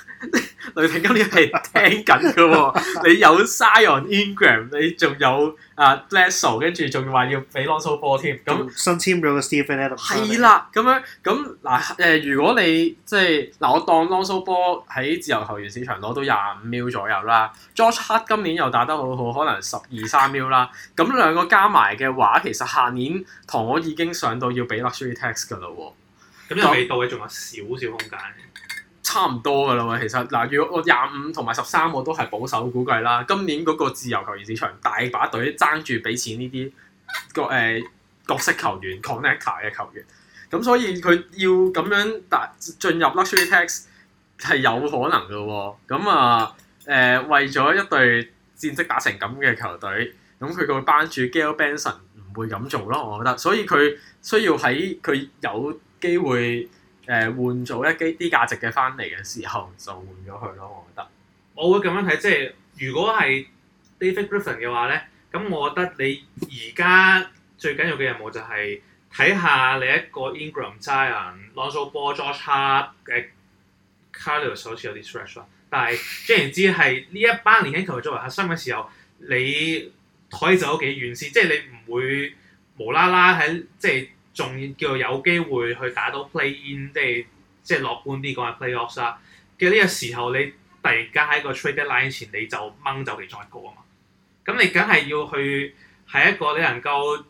雷霆今年係聽緊嘅喎， 你有 Zion Ingram，你仲有啊 Bledsoe 跟住仲要話要俾 Lonzo 波添，咁新簽咗個 Steven Adams。係啦，咁樣咁嗱誒，如果你即係嗱、呃，我當 Lonzo 波喺自由球員市場攞到廿五秒左右啦，Josh Hart 今年又打得好好，可能十二三秒啦，咁兩個加埋嘅話，其實下年同我已經上到要俾 Luxury Tax 噶啦喎，咁又未到嘅，仲有少少空間。差唔多噶啦喎，其實嗱，如果我廿五同埋十三，我都係保守估計啦。今年嗰個自由球員市場大把隊爭住俾錢呢啲個誒角色球員、Connector 嘅球員，咁所以佢要咁樣入進入 Luxury Tax 係有可能噶喎。咁啊誒、呃，為咗一隊戰績打成咁嘅球隊，咁佢個班主 Gayle Benson 唔會咁做咯，我覺得。所以佢需要喺佢有機會。誒、呃、換做一啲啲價值嘅翻嚟嘅時候就換咗佢咯，我覺得。我會咁樣睇，即係如果係 David Griffin 嘅話咧，咁我覺得你而家最緊要嘅任務就係、是、睇下你一個 Ingram、uh,、Zion、Lonzo Ball、George 誒、Carlo 所持有啲 fresh 啦。但係，雖然知係呢一班年輕球員作為核心嘅時候，你可以走得幾遠先？即係你唔會無啦啦喺即係。仲要叫有機會去打到 play in，即係即係樂觀啲講係 playoffs 啦。嘅呢個時候，你突然間喺個 trade line 前你就掹走其中一個啊嘛。咁你梗係要去喺一個你能夠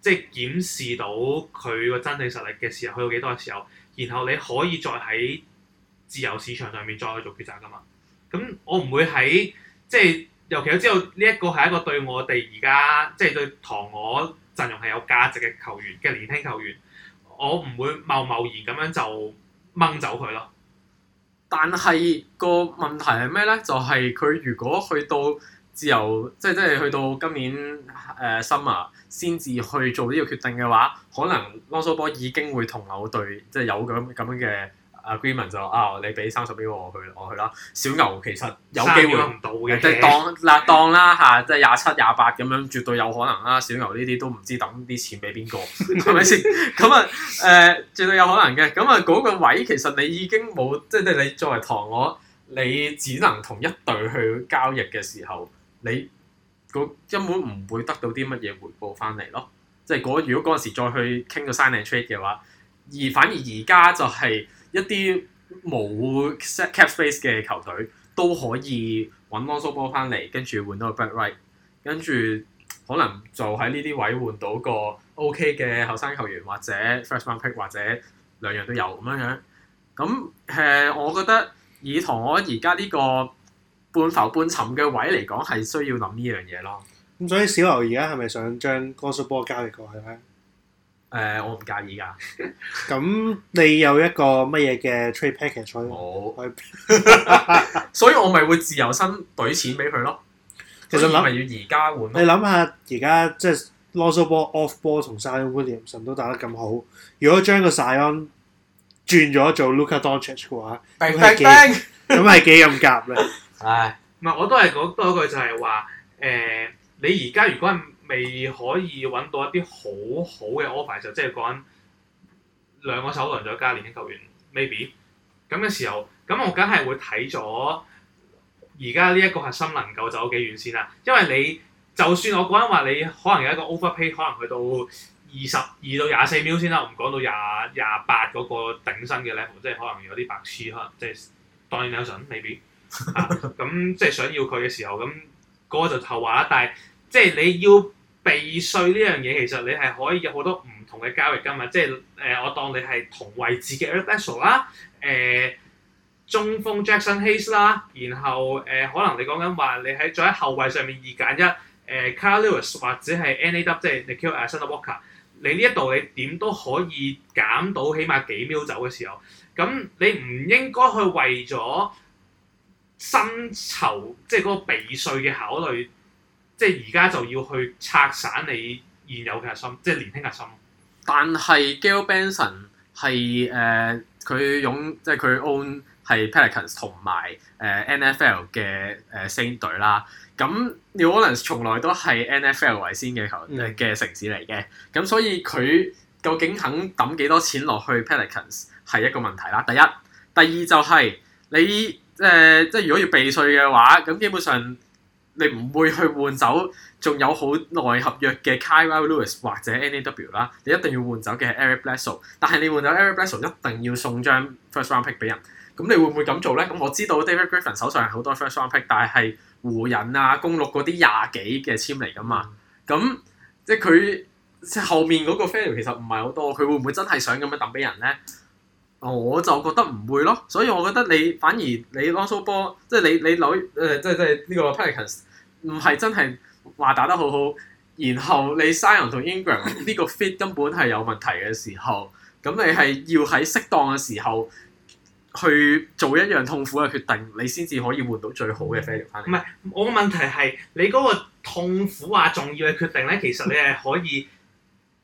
即係檢視到佢個真正實力嘅時候，去到幾多嘅時候，然後你可以再喺自由市場上面再去做決策噶嘛。咁我唔會喺即係，尤其我知道呢一個係一個對我哋而家即係對糖我。陣容係有價值嘅球員嘅年輕球員，我唔會貿貿然咁樣就掹走佢咯。但係個問題係咩咧？就係、是、佢如果去到自由，即係即係去到今年誒 summer 先至去做呢個決定嘅話，可能 Lonzo Ball 已經會同某隊即係有咁咁樣嘅。agreement 就啊，你俾三十俾我去，我去啦。小牛其實有機會唔到嘅，即係當啦當啦嚇，即係廿七、廿八咁樣，絕對有可能啦。小牛呢啲都唔知抌啲錢俾邊個，係咪先？咁啊，誒、呃，絕對有可能嘅。咁啊，嗰、嗰個位其實你已經冇，即係你作為堂我，你只能同一隊去交易嘅時候，你、嗰個、根本唔會得到啲乜嘢回報翻嚟咯。即係如果嗰陣時再去傾個 sign and trade 嘅話，而反而而家就係、是。一啲冇 set cap space 嘅球隊都可以揾阿蘇波翻嚟，跟住換到個 back right 跟住可能就喺呢啲位換到個 OK 嘅後生球員，或者 first round pick，或者兩樣都有咁樣樣。咁誒，我覺得以同我而家呢個半浮半沉嘅位嚟講，係需要諗呢樣嘢咯。咁所以小牛而家係咪想將阿蘇波交易過去咩？誒，我唔介意噶。咁你有一個乜嘢嘅 trade package？所以，我咪會自由身賠錢俾佢咯。其實諗要而家換，你諗下而家即係 Lonzo Ball、Off Ball 同 Zion Williamson 神都打得咁好，如果將個 Zion 轉咗做 Luka Doncic 嘅話，咁係幾咁夾咧？唉，唔係，我都係講嗰句就係話，誒，你而家如果係可以揾到一啲好好嘅 offer 就即係講兩個首輪再加年輕球員 maybe 咁嘅時候，咁我梗係會睇咗而家呢一個核心能夠走幾遠先啦。因為你就算我講話你可能有一個 overpay，可能去到二十二到廿四秒先啦。我唔講到廿廿八嗰個頂薪嘅 level，即係可能有啲白痴，可能即係當然有想 maybe 啊，咁即係想要佢嘅時候，咁嗰、那個就後話啦。但係即係你要。避稅呢樣嘢其實你係可以有好多唔同嘅交易噶嘛，即係誒、呃、我當你係同位置嘅 universal 啦，誒中鋒 Jackson Hayes 啦，然後誒、呃、可能你講緊話你喺再喺後衞上面二揀一，誒、呃、Carl Lewis 或者係 NAW 即係 Nickeil Alexander-Walker 你呢一度你點都可以減到起碼幾秒走嘅時候，咁你唔應該去為咗薪酬即係嗰個避稅嘅考慮。即係而家就要去拆散你現有嘅核心，即係年輕核心。但係 Gayle Benson 係誒佢擁，即係佢 own 係 Pelicans 同埋誒、呃、NFL 嘅誒、呃、Saints 隊啦。咁 New Orleans 從來都係 NFL 為先嘅球嘅城市嚟嘅，咁所以佢究竟肯抌幾多錢落去 Pelicans 係一個問題啦。第一，第二就係、是、你誒、呃，即係如果要避稅嘅話，咁基本上。你唔會去換走，仲有好耐合約嘅 Kira Lewis 或者 NAW 啦，你一定要換走嘅係 Eric Bledsoe，但係你換走 Eric Bledsoe，一定要送張 first round pick 俾人，咁你會唔會咁做咧？咁我知道 David Griffin 手上係好多 first round pick，但係係湖人啊、公鹿嗰啲廿幾嘅籤嚟㗎嘛，咁即係佢即係後面嗰個 fellow 其實唔係好多，佢會唔會真係想咁樣抌俾人咧？我就覺得唔會咯，所以我覺得你反而你 Lonzo Ball、so 呃，即係你你女誒，即係即係呢個 p 唔係真係話打得好好，然後你 Zion 同 Ingram 呢個 fit 根本係有問題嘅時候，咁你係要喺適當嘅時候去做一樣痛苦嘅決定，你先至可以換到最好嘅 fit 翻嚟。唔係，我個問題係你嗰個痛苦啊重要嘅決定咧，其實你係可以。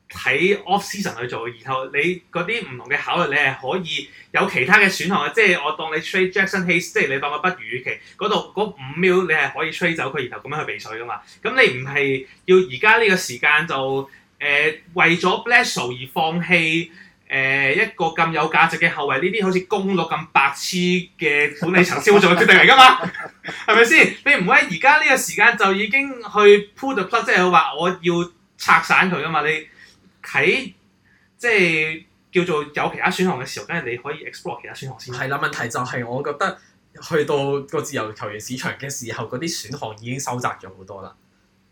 睇 off season 去做，然後你嗰啲唔同嘅考慮，你係可以有其他嘅選項嘅。即係我當你 trade Jackson Hayes，即係你當我不如預期嗰度嗰五秒，你係可以 trade 走佢，然後咁樣去避稅噶嘛。咁你唔係要而家呢個時間就誒、呃、為咗 Bledsoe 而放棄誒、呃、一個咁有價值嘅後衞？呢啲好似公路咁白痴嘅管理層先 會做決定嚟㗎嘛，係咪先？你唔會而家呢個時間就已經去 pull the plug 即係話我要拆散佢㗎嘛？你？喺即係叫做有其他選項嘅時候，梗係你可以 explore 其他選項先。係啦，問題就係我覺得去到個自由球員市場嘅時候，嗰啲選項已經收窄咗好多啦。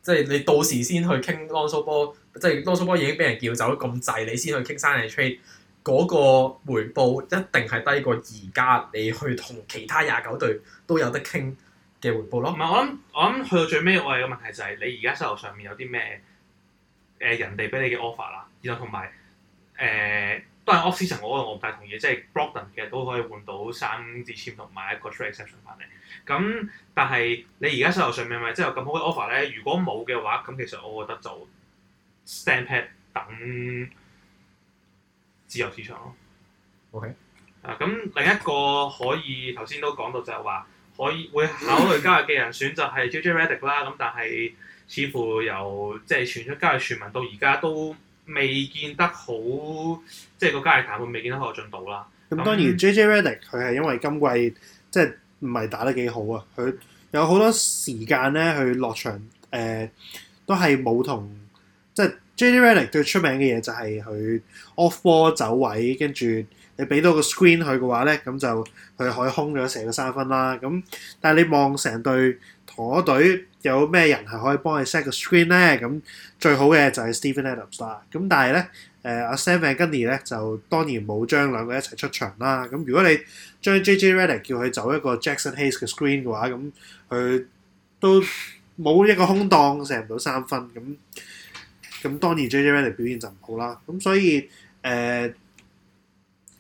即係你到時先去傾 Lonzo Ball，即係 Lonzo Ball 已經俾人叫走咁滯，你先去傾 sign and trade 嗰個回報一定係低過而家你去同其他廿九隊都有得傾嘅回報咯。唔係我諗，我諗去到最尾，我哋嘅問題就係你而、呃、家手頭上面有啲咩？誒人哋俾你嘅 offer 啦。然後同埋誒，都係 Oxygen，f 我我唔太同意，即係 Broaden 嘅都可以換到三至簽同埋一個 trade exception 翻嚟。咁但係你而家手上面咪真係有咁好嘅 offer 咧？如果冇嘅話，咁其實我覺得就 stand pat 等自由市場咯。OK。啊，咁另一個可以頭先都講到就係話可以會考慮交易嘅人選擇係 JJ Redick 啦。咁但係似乎由即係傳出交易傳聞到而家都～未見得好，即係個加泰談判未見得好有進步啦。咁、嗯、當然 J.J. Redick 佢係因為今季即係唔係打得幾好啊？佢有好多時間咧，佢落場誒、呃、都係冇同。即係 J.J. Redick 最出名嘅嘢就係佢 off ball 走位，跟住你俾到個 screen 佢嘅話咧，咁就佢可以空咗成個三分啦。咁但係你望成隊妥隊。有咩人係可以幫你 set 個 screen 咧？咁最好嘅就係 Steven Adams 啦。咁但係咧，誒阿 Stan Van Gundy 咧就當然冇將兩個一齊出場啦。咁如果你將 JJ Redick 叫佢走一個 Jaxson Hayes 嘅 screen 嘅話，咁佢都冇一個空檔射唔到三分。咁咁當然 JJ Redick 表現就唔好啦。咁所以誒，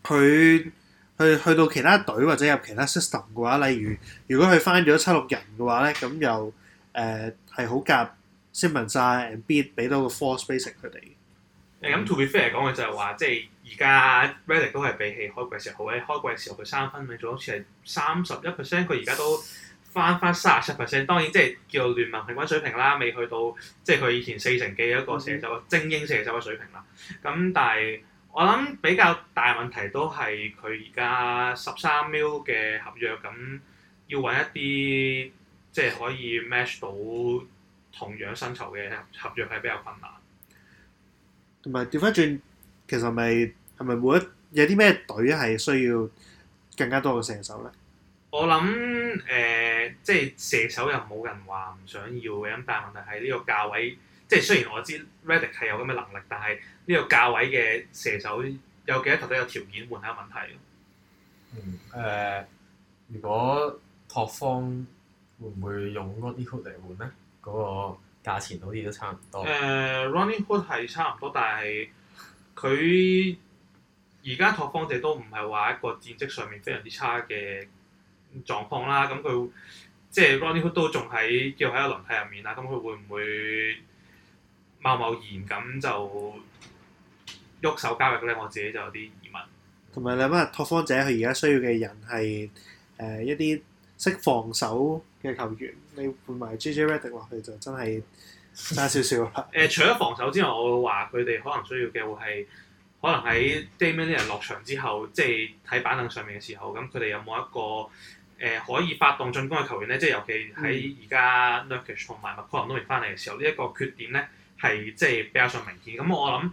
佢、呃、去去到其他隊或者入其他 system 嘅話，例如如果佢翻咗七六人嘅話咧，咁又。誒係好夾 Simmons 晒 and Bid 俾到個 floor spacing 佢哋。誒咁、mm hmm. to be fair 嚟講，佢就係話，即係而家 Redick 都係比起開季時候好嘅，開季時候佢三分命中率好似係三十一 percent，佢而家都翻翻三十七 percent。當然即係叫做聯盟平均水平啦，未去到即係佢以前四成幾一個射手、mm hmm. 精英射手嘅水平啦。咁但係我諗比較大問題都係佢而家十三 mil 嘅合約，咁要揾一啲。即係可以 match 到同樣薪酬嘅合約係比較困難。同埋調翻轉，其實咪係咪每一有啲咩隊係需要更加多嘅射手咧？我諗誒、呃，即係射手又冇人話唔想要嘅咁，但係問題係呢個價位，即係雖然我知 Redick 係有咁嘅能力，但係呢個價位嘅射手有幾多隊有條件換係一個問題、嗯呃、如果拓荒？會唔會用 Hood 換，那個 uh, Running Hood 嚟換咧？嗰個價錢好似都差唔多。誒，Running Hood 係差唔多，但係佢而家拓荒者都唔係話一個戰績上面非常之差嘅狀況啦。咁佢即係、就是、Running Hood 都仲喺叫喺一個輪替入面啦。咁佢會唔會貿貿然咁就喐手交易咧？我自己就有啲疑問。同埋你話拓荒者佢而家需要嘅人係誒、呃、一啲。識防守嘅球員，你換埋 J.J. Redick 落去就真係差少少啦。誒，除咗防守之外，我會話佢哋可能需要嘅會係，可能喺 Damian Lillard 落場之後，即係喺板凳上面嘅時候，咁佢哋有冇一個誒、呃、可以發動進攻嘅球員咧？即係尤其喺而家 Nurkic 同埋 McCollum 都未翻嚟嘅時候，呢一個缺點咧係即係比較上明顯。咁我諗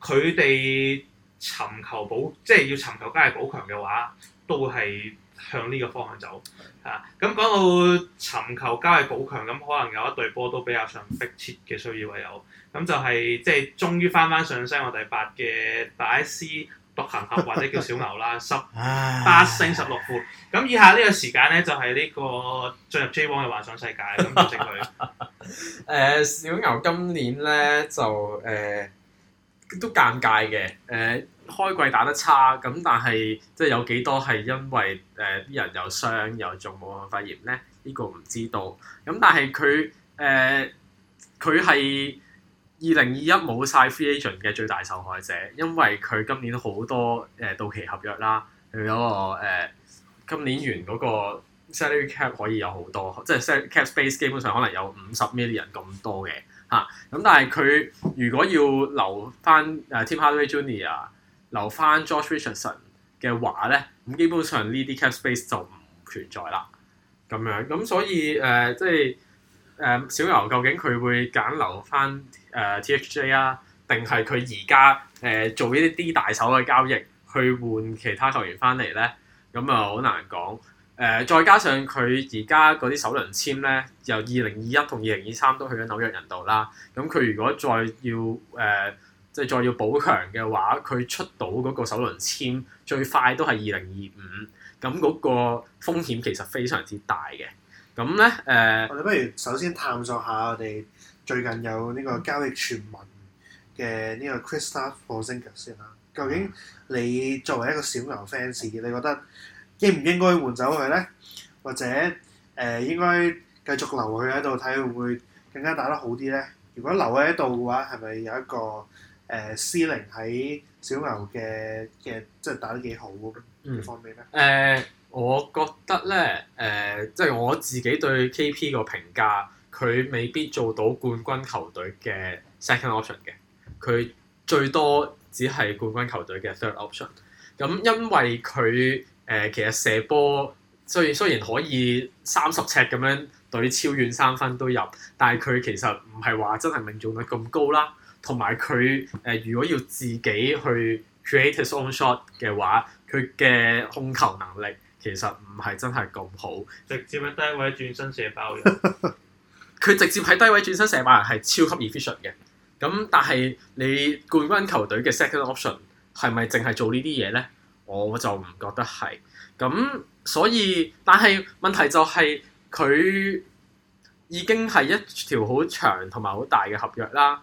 佢哋尋求保，即係要尋求加嘅補強嘅話，都會係。向呢個方向走，嚇咁講到尋求交易補強，咁可能有一隊波都比較上迫切嘅需要唯有，咁就係、是、即係終於翻翻上身我第八嘅達拉斯獨行俠或者叫小牛啦， 十八勝十六負。咁 以下呢個時間咧就係、是、呢個進入 J 王嘅幻想世界，咁多謝佢。誒、 呃、小牛今年咧就誒、呃、都尷尬嘅誒。呃開季打得差咁，但係即係有幾多係因為誒啲、呃、人又傷又有傷又仲冇發現咧？呢、這個唔知道。咁但係佢誒佢係二零二一冇晒 free agent 嘅最大受害者，因為佢今年好多誒、呃、到期合約啦。佢嗰個今年完嗰個 salary cap 可以有好多，即係 cap space 基本上可能有五十 million 咁多嘅嚇。咁、啊、但係佢如果要留翻誒、呃、Tim Hardaway Junior。留翻 George Richardson 嘅話咧，咁基本上呢啲 cap space 就唔存在啦。咁樣咁所以誒、呃，即係誒、呃、小牛究竟佢會揀留翻誒、呃、THJ 啊，定係佢而家誒做呢啲大手嘅交易去換其他球員翻嚟咧？咁啊好難講。誒、呃、再加上佢而家嗰啲首輪簽咧，由二零二一同二零二三都去咗紐約人度啦。咁佢如果再要誒，呃即係再要補強嘅話，佢出到嗰個首輪簽，最快都係二零二五，咁嗰個風險其實非常之大嘅。咁咧，誒、呃，我哋不如首先探索下我哋最近有呢個交易傳聞嘅呢個 Kristaps Porzingis 先啦。究竟你作為一個小牛 fans，嗯，你覺得應唔應該換走佢咧？或者誒、呃，應該繼續留佢喺度睇會唔會更加打得好啲咧？如果留喺度嘅話，係咪有一個？誒斯寧喺小牛嘅嘅即係打得幾好嘅方面咧？誒、呃，我覺得咧，誒、呃，即、就、係、是、我自己對 KP 個評價，佢未必做到冠軍球隊嘅 second option 嘅，佢最多只係冠軍球隊嘅 third option。咁、嗯、因為佢誒、呃、其實射波雖雖然可以三十尺咁樣對超遠三分都入，但係佢其實唔係話真係命中率咁高啦。同埋佢誒，如果要自己去 create his own shot 嘅話，佢嘅控球能力其實唔係真係咁好。直接喺低位轉身射爆人。佢 直接喺低位轉身射爆人係超級 efficient 嘅。咁但係你冠軍球隊嘅 second option 係咪淨係做呢啲嘢咧？我就唔覺得係咁。所以，但係問題就係佢已經係一條好長同埋好大嘅合約啦。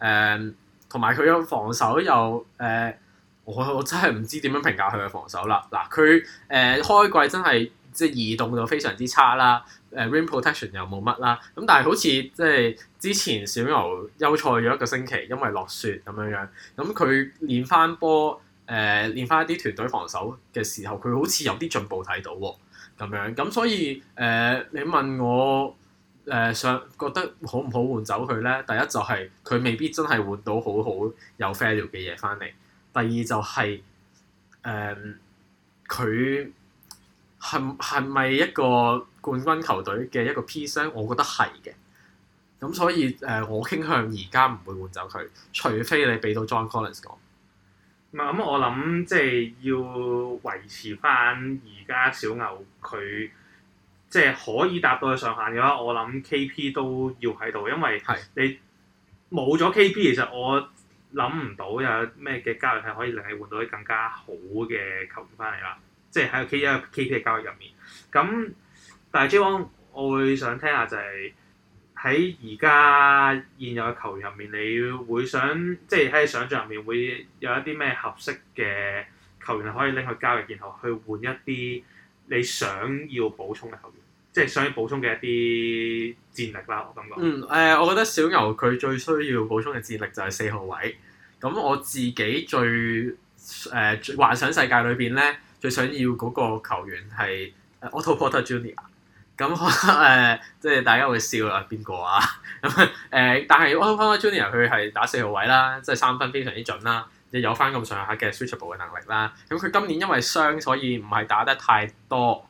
誒，同埋佢嘅防守又誒、呃，我我真係唔知點樣評價佢嘅防守啦。嗱，佢誒、呃、開季真係即係移動就非常之差啦，誒、呃、rim protection 又冇乜啦。咁但係好似即係之前小牛休賽咗一個星期，因為落雪咁樣樣，咁佢、嗯、練翻波誒，練翻一啲團隊防守嘅時候，佢好似有啲進步睇到喎、哦，咁樣咁、嗯、所以誒、呃，你問我？誒想覺得好唔好換走佢咧？第一就係佢未必真係換到好好有 value 嘅嘢翻嚟。第二就係誒佢係係咪一個冠軍球隊嘅一個 piece？我覺得係嘅。咁所以誒、呃，我傾向而家唔會換走佢，除非你俾到 John Collins 講。唔咁、嗯，我諗即係要維持翻而家小牛佢。即係可以達到嘅上限嘅話，我諗 KP 都要喺度，因為你冇咗 KP，其實我諗唔到有咩嘅交易係可以令你換到啲更加好嘅球員翻嚟啦。即係喺 K 一 KP 嘅交易入面。咁但係 Jon，我會想聽下就係喺而家現有嘅球員入面，你會想即係喺想象入面會有一啲咩合適嘅球員可以拎去交易，然後去換一啲你想要補充嘅球員。即係想要補充嘅一啲戰力啦，我感覺。嗯，誒、呃，我覺得小牛佢最需要補充嘅戰力就係四號位。咁我自己最誒、呃、幻想世界裏邊咧，最想要嗰個球員係 Otto Porter Junior。咁可能誒，即係大家會笑啊邊個啊？咁 誒、呃，但係 Otto Porter Junior 佢係打四號位啦，即係三分非常之準啦，即有翻咁上下嘅 s u i t a b l e 嘅能力啦。咁佢今年因為傷，所以唔係打得太多。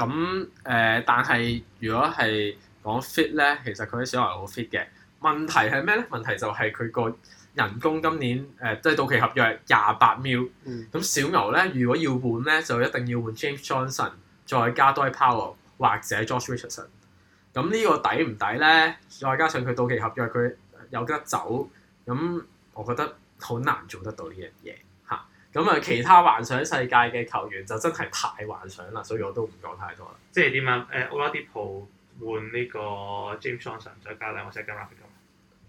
咁誒、呃，但係如果係講 fit 咧，其實佢啲小牛好 fit 嘅。問題係咩咧？問題就係佢個人工今年誒，即、呃、係到期合約廿八 million。咁小牛咧，如果要換咧，就一定要換 James Johnson，再加多啲 Power 或者 Josh Richardson。咁呢個抵唔抵咧？再加上佢到期合約，佢有得走，咁我覺得好難做得到呢樣嘢。咁啊，其他幻想世界嘅球員就真係太幻想啦，所以我都唔講太多啦。即係點啊？誒、uh, Oladipo 換呢個 James Johnson 再加兩，我即係跟唔上。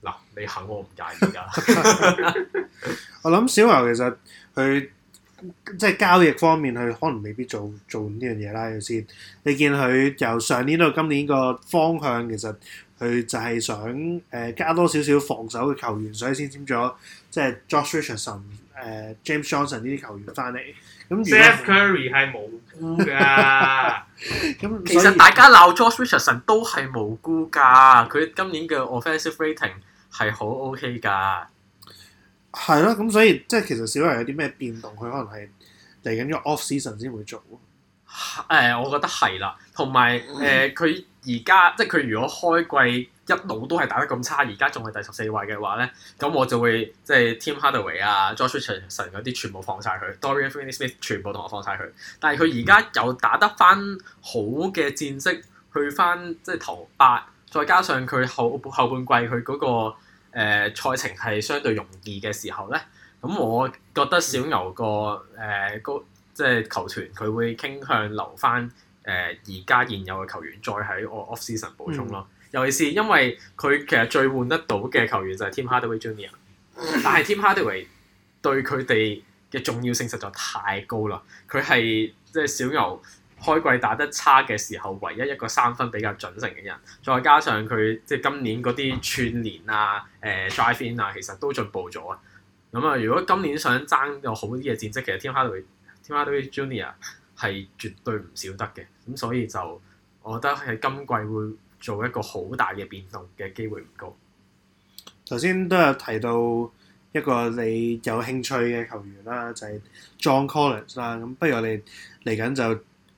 嗱，你肯我唔介意噶。我諗小牛其實佢即係交易方面，佢可能未必做做呢樣嘢啦。先你見佢由上年到今年個方向，其實佢就係想誒、呃、加多少少防守嘅球員，所以先簽咗即係 Josh Richardson。誒、uh, James Johnson 呢啲球員翻嚟，咁 Seth Curry 係 無辜噶。咁 以其實大家鬧 Josh Richardson 都係無辜噶。佢今年嘅 offensive rating 係好 OK 噶。係咯、啊，咁所以即係其實小牛有啲咩變動，佢可能係嚟緊個 off season 先會做。誒、呃，我覺得係啦。同埋誒，佢而家即係佢如果開季，一路都係打得咁差，而家仲係第十四位嘅話咧，咁我就會即係、就是、Tim Hardaway 啊、George Washington 嗰啲全部放晒佢、mm hmm.，Dorian Finney-Smith 全部同我放晒佢。但係佢而家又打得翻好嘅戰績，去翻即係頭八，再加上佢後後半季佢嗰、嗰個誒賽、呃、程係相對容易嘅時候咧，咁我覺得小牛個誒、mm hmm. 呃、即係球團佢會傾向留翻誒而家現有嘅球員，再喺我 offseason 補充咯、mm。Hmm. 尤其是因為佢其實最換得到嘅球員就係 Tim Hardaway Junior，但係 Tim Hardaway 對佢哋嘅重要性實在太高啦。佢係即係小牛開季打得差嘅時候，唯一一個三分比較準成嘅人。再加上佢即係今年嗰啲串連啊、誒、呃、drive in 啊，其實都進步咗啊。咁啊，如果今年想爭個好啲嘅戰績，其實 Tim Hardaway Tim Hardaway Junior 係絕對唔少得嘅。咁所以就我覺得係今季會做一個好大嘅變動嘅機會唔高。頭先都有提到一個你有興趣嘅球員啦，就係 John Collins 啦。咁不如我哋嚟緊就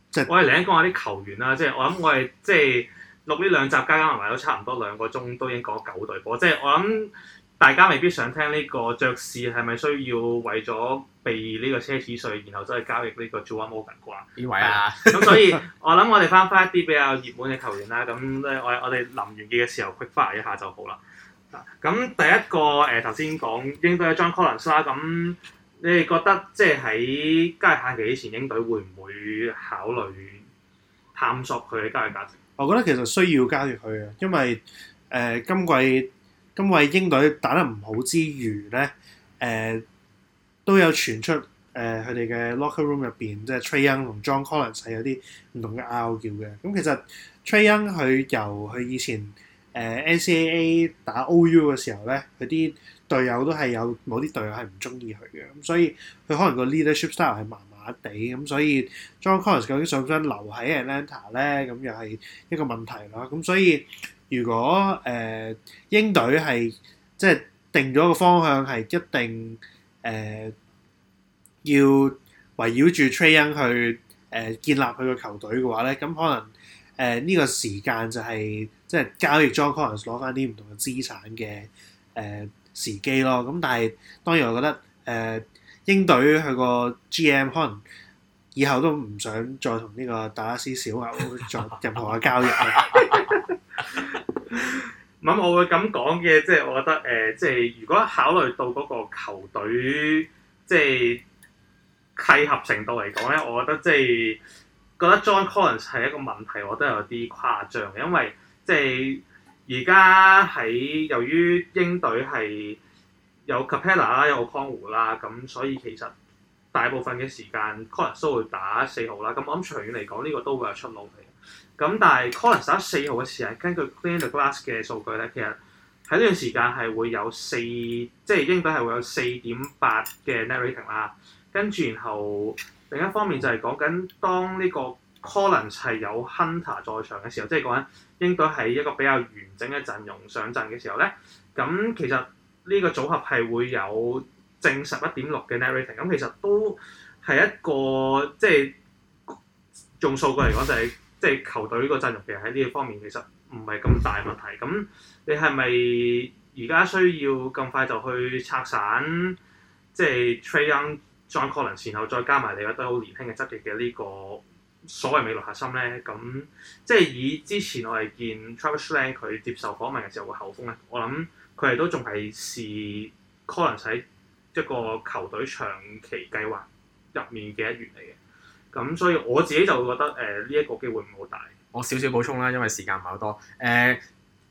即係我哋嚟講下啲球員啦。即係我諗我係即係錄呢兩集加加埋埋都差唔多兩個鐘，都已經講九隊波。即係我諗。大家未必想聽呢、這個爵士係咪需要為咗避呢個奢侈稅，然後真係交易呢個 Juwan Morgan 啩？呢位啊，咁、啊、所以我諗我哋翻翻一啲比較熱門嘅球員啦，咁咧我我哋臨完結嘅時候，quick fire 一下就好啦。咁、啊、第一個誒，頭先講鷹隊嘅 John Collins 啦、啊，咁、啊啊、你哋覺得即係喺交易限期前，鷹隊會唔會考慮探索佢嘅交易價值？我覺得其實需要交易佢啊，因為誒今季。呃咁為英隊打得唔好之餘咧，誒、呃、都有傳出誒佢哋嘅 locker room 入邊，即、就、係、是、Trey Young 同 John Collins 係有啲唔同嘅拗撬嘅。咁、嗯、其實 Trey Young 佢由佢以前誒、呃、NCAA 打 OU 嘅時候咧，佢啲隊友都係有某啲隊友係唔中意佢嘅。咁所以佢可能個 leadership style 係麻麻地，咁、嗯、所以 John Collins 究竟想唔想留喺 Atlanta 咧，咁、嗯、又係一個問題啦。咁、嗯、所以。如果誒鷹隊係即係定咗個方向係一定誒、呃、要圍繞住 Trae Young 去誒、呃、建立佢個球隊嘅話咧，咁可能誒呢、呃這個時間就係、是、即係交易 John Collins 攞翻啲唔同嘅資產嘅誒、呃、時機咯。咁但係當然我覺得誒鷹隊佢個 GM 可能以後都唔想再同呢個達拉斯小牛做任何嘅交易。 咁、嗯、我會咁講嘅，即係我覺得，誒、呃，即係如果考慮到嗰個球隊即係契合程度嚟講咧，我覺得即係覺得 John Collins 係一個問題，我覺得有啲誇張，因為即係而家喺由於英隊係有 Capella 啦，有康湖啦，咁所以其實大部分嘅時間 Collins 都會打四號啦，咁我諗長遠嚟講，呢、這個都會係出路嚟。咁但係 Collins 十一四號嘅時候，根據 Clean the Glass 嘅數據咧，其實喺呢段時間係會有四，即係應該係會有四點八嘅 net rating 啦。跟住然後另一方面就係講緊當呢個 Collins 係有 Hunter 在場嘅時候，即係講緊應該係一個比較完整嘅陣容上陣嘅時候咧，咁其實呢個組合係會有正十一點六嘅 net rating。咁其實都係一個即係用數據嚟講就係、是。即係球隊呢個陣容其實喺呢個方面其實唔係咁大問題。咁你係咪而家需要咁快就去拆散，即係 trade on John Collins 然後再加埋你覺得好年輕嘅質地嘅呢個所謂未來核心咧？咁即係以之前我哋見 Travis Schlenk 佢接受訪問嘅時候個口風咧，我諗佢哋都仲係視 Collins 喺一個球隊長期計劃入面嘅一員嚟嘅。咁所以我自己就會覺得誒呢一個機會唔好大。我少少補充啦，因為時間唔係好多。誒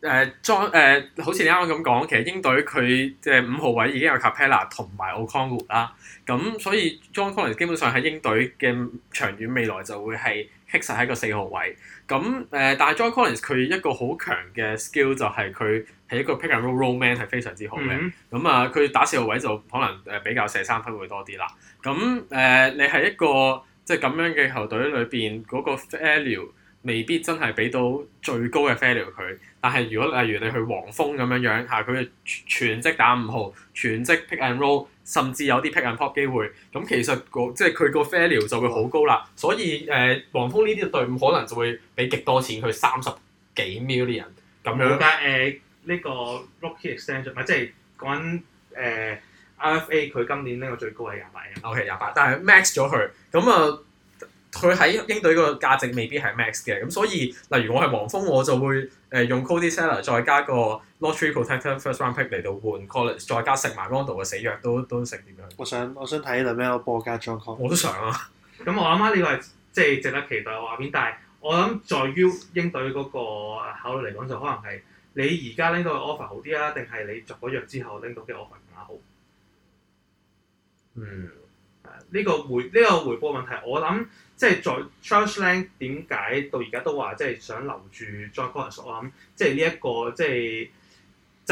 誒 John 誒好似你啱啱咁講，其實鷹隊佢即係五號位已經有 Capella 同埋奧康古啦。咁所以 John Collins 基本上喺鷹隊嘅長遠未來就會係 hit 實喺個四號位。咁誒、呃，但係 John Collins 佢一個好強嘅 skill 就係佢係一個 pick and roll man 係非常之好嘅。咁啊、嗯，佢打四號位就可能誒比較射三分會多啲啦。咁誒、呃，你係一個。即係咁樣嘅球隊裏邊嗰個 failure 未必真係俾到最高嘅 failure 佢，但係如果例如你去黃蜂咁樣樣，嚇佢嘅全職打五號，全職 pick and roll，甚至有啲 pick and pop 機會，咁其實個即係佢個 failure 就會好高啦。所以誒、呃，黃蜂呢啲隊伍可能就會俾極多錢佢三十幾 million 咁樣。但係誒，呢、呃呢個 rookie extension 即係講緊誒。呃 RFA 佢今年呢個最高係廿八，OK 廿八，但係 max 咗佢，咁啊，佢喺鷹隊嗰個價值未必係 max 嘅，咁所以，例如我係黃蜂，我就會誒用 Cody Zeller 再加個 Lottery Protected First Round Pick 嚟到換 Collins，再加食埋 Round 嘅死約都都食點樣我？我想我想睇兩 minute 我都想啊，咁我啱啱呢個係即係值得期待嘅畫面，但係我諗在於鷹隊嗰個考慮嚟講，就可能係你而家拎到嘅 offer 好啲啊，定係你續咗約之後拎到嘅 offer 更加好？嗯，誒呢個回呢、這個回報問題，我諗即係在 Charles Link 點解到而家都話即係想留住再 a c a 我諗即係呢一個即係、就是、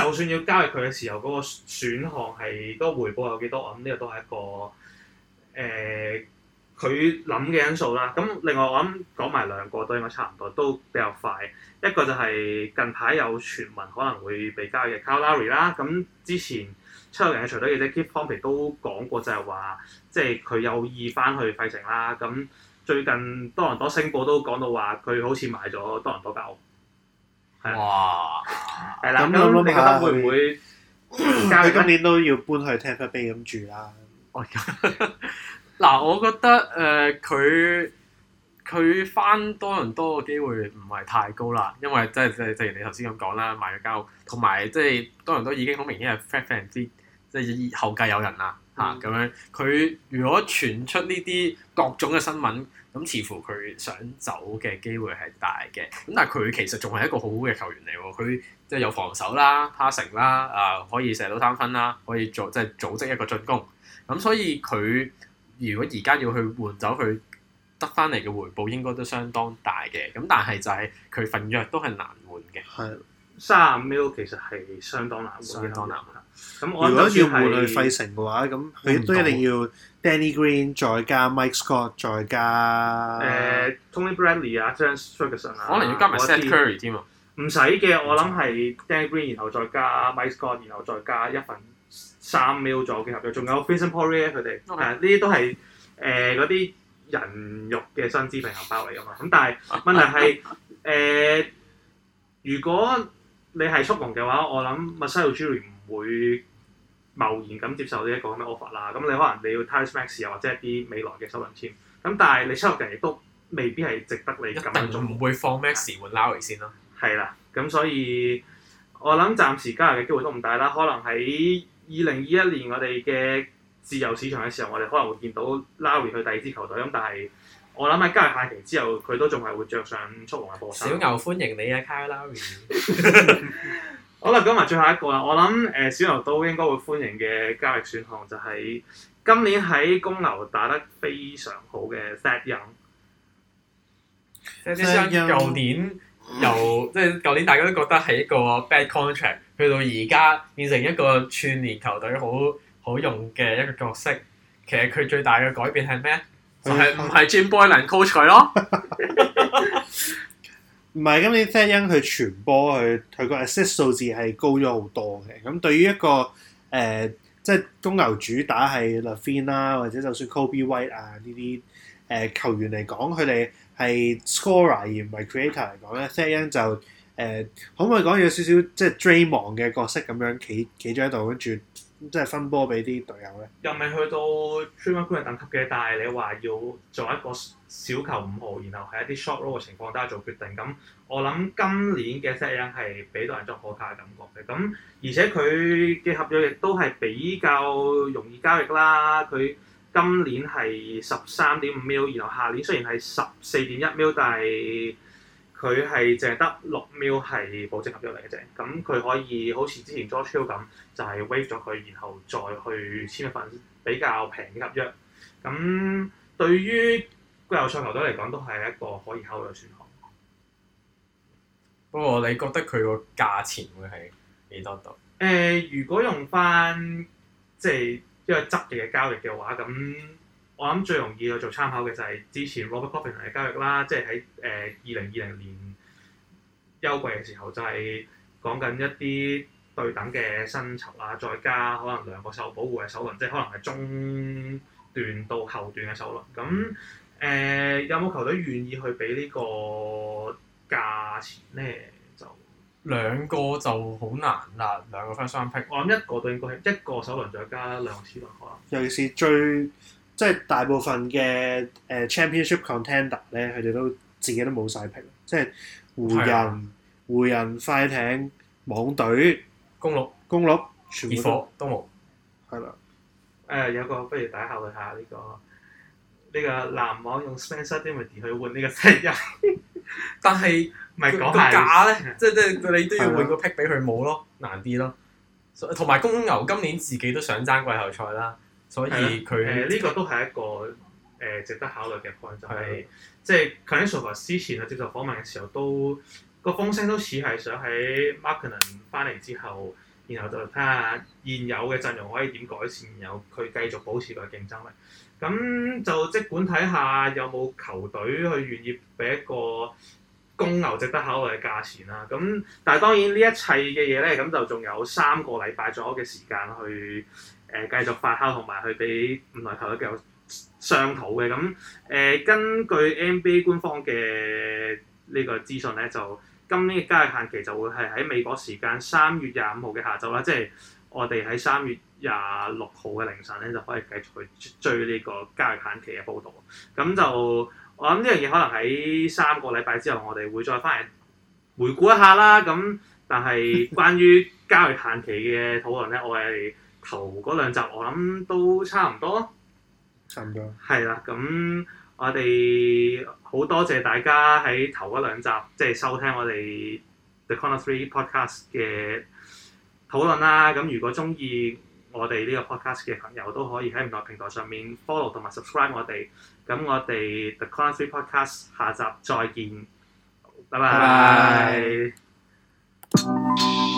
就算要交易佢嘅時候，嗰、那個選項係嗰回報有幾多，、這個呃、多？我諗呢個都係一個誒佢諗嘅因素啦。咁另外我諗講埋兩個，對我差唔多都比較快。一個就係近排有傳聞可能會被交易嘅 Calvary 啦。咁之前。七六人嘅隨隊記者 Keith Pompey 都講過就係話，即係佢有意翻去費城啦。咁最近多倫多星報都講到話，佢好似買咗多倫多間屋。係啦。咁你覺得會唔會？因為、嗯、今年都要搬去 Tampa Bay 咁住啦。嗱、 啊，我覺得誒，佢佢翻多倫多嘅機會唔係太高啦，因為即係即係，正如你頭先咁講啦，買咗間屋，同埋即係多倫多已經好明顯係 fast n d busy。即係後繼有人啦，嚇、啊、咁樣。佢如果傳出呢啲各種嘅新聞，咁、嗯、似乎佢想走嘅機會係大嘅。咁但係佢其實仲係一個好好嘅球員嚟喎。佢即係有防守啦、passing 啦、啊可以射到三分啦，可以做即係組織一個進攻。咁、嗯、所以佢如果而家要去換走佢得翻嚟嘅回報，應該都相當大嘅。咁但係就係佢份約都係難換嘅。係三十五 million 其實係相當難換、啊、相當難。咁我諗要換去費城嘅話，咁佢都一定要 Danny Green 再加 Mike Scott 再加誒 Tony Bradley 啊，將 Shugarson 啊，可能要加埋 Seth Curry 添啊。唔使嘅，我諗係 Danny Green，然後再加 Mike Scott，然後再加一份三秒左右嘅合約，仲有 Vincent Poirier 咧，佢哋誒呢啲都係誒嗰啲人肉嘅薪資平衡包嚟㗎嘛。咁但係問題係誒，如果你係速龍嘅話，我諗 Masai Ujiri，會貿然咁接受呢一個咁嘅 offer 啦？咁你可能你要 touch max 又或者一啲未來嘅收籃簽咁，但係你出入期亦都未必係值得你咁。仲唔會放 Max 但換 Lowry 先咯。係啦，咁所以我諗暫時交易嘅機會都唔大啦。可能喺二零二一年我哋嘅自由市場嘅時候，我哋可能會見到 Lowry 去第二支球隊。咁但係我諗喺交易限期之後，佢都仲係會着上速龍嘅波衫。小牛歡迎你啊 Kyle Lowry。好啦，講埋最後一個啦。我諗誒、呃、小牛都應該會歡迎嘅交易選項，就係、是、今年喺公牛打得非常好嘅塞揚。塞揚，舊年 由即係舊年大家都覺得係一個 bad contract，去到而家變成一個串聯球隊好好用嘅一個角色。其實佢最大嘅改變係咩？就係唔係 Jim Boylen coach 佢咯。唔係，咁你塞 n 佢傳波，佢佢個 assist 數字係高咗好多嘅。咁對於一個誒、呃，即係公牛主打係 LaVine 啦，或者就算 Coby White 啊呢啲誒球員嚟講，佢哋係 scorer 而唔係 creator 嚟講咧，塞 n 就誒、呃，可唔可以講有少少即係 Draymond 嘅角色咁樣企企咗喺度跟住。即係分波俾啲隊友咧，又未去到 dreamer 等級嘅， 但係你話要做一個小球五號，然後喺一啲 short roll 嘅情況底下做決定咁，我諗今年嘅 set 係俾到人做可卡嘅感覺嘅。咁而且佢嘅合約亦都係比較容易交易啦。佢今年係十三點五 mil，然後下年雖然係十四點一 mil，但係。佢係淨係得六秒係保證合約嚟嘅啫，咁佢可以好似之前 George Hill 咁，就係 waive 咗佢，然後再去簽一份比較平嘅合約。咁對於季後賽球隊嚟講，都係一個可以考慮嘅選項。不過、哦、你覺得佢個價錢會係幾多度？誒、呃，如果用翻即係一個質地嘅交易嘅話，咁。我諗最容易去做參考嘅就係之前 Robert Covington 嘅交易啦，即係喺誒二零二零年休季嘅時候，就係講緊一啲對等嘅薪酬啦，再加可能兩個受保護嘅首輪，即係可能係中段到後段嘅首輪。咁誒、呃、有冇球隊願意去俾呢個價錢咧？就兩個就好難啦，兩個 first round pick。我諗一個都應該，一個首輪再加兩個次輪可能。尤其是最即係大部分嘅誒 championship contender 咧，佢哋都自己都冇晒 pick，即係湖人、湖人快艇、網隊、e: yeah.、公鹿、公鹿、熱火都冇，係啦。誒 ett leaves，有個不如大家考慮下呢個呢個籃網用 speciality 去換呢個新人，但係咪講假咧？即即係你都要換個 pick 俾佢冇咯，難啲咯。同埋公牛今年自己都想爭季後賽啦。所以佢誒呢個都係一個誒、呃、值得考慮嘅 point，就係、係、嘅即係 Kingsolver 之前去接受訪問嘅時候，都個風聲都似係想喺 Markkanen 翻嚟之後，然後就睇下現有嘅陣容可以點改善，然後佢繼續保持個競爭力。咁就即管睇下有冇球隊去願意俾一個公牛值得考慮嘅價錢啦。咁但係當然呢一切嘅嘢咧，咁就仲有三個禮拜左右嘅時間去。誒繼、呃、續發酵同埋去俾唔同球隊繼續商討嘅。咁誒，根據 NBA 官方嘅呢個資訊咧，就今年嘅交易限期就會係喺美國時間三月廿五號嘅下晝啦，即係我哋喺三月廿六號嘅凌晨咧就可以繼續去追呢個交易限期嘅報導。咁就我諗呢樣嘢可能喺三個禮拜之後，我哋會再翻嚟回顧一下啦。咁但係關於交易限期嘅討論咧，我係～頭嗰兩集我諗都差唔多，差唔多。係啦，咁我哋好多謝大家喺頭嗰兩集即係收聽我哋 The Corner Three Podcast 嘅討論啦。咁如果中意我哋呢個 podcast 嘅朋友都可以喺唔同平台上面 follow 同埋 subscribe 我哋。咁我哋 The Corner Three Podcast 下集再見，拜拜。Bye bye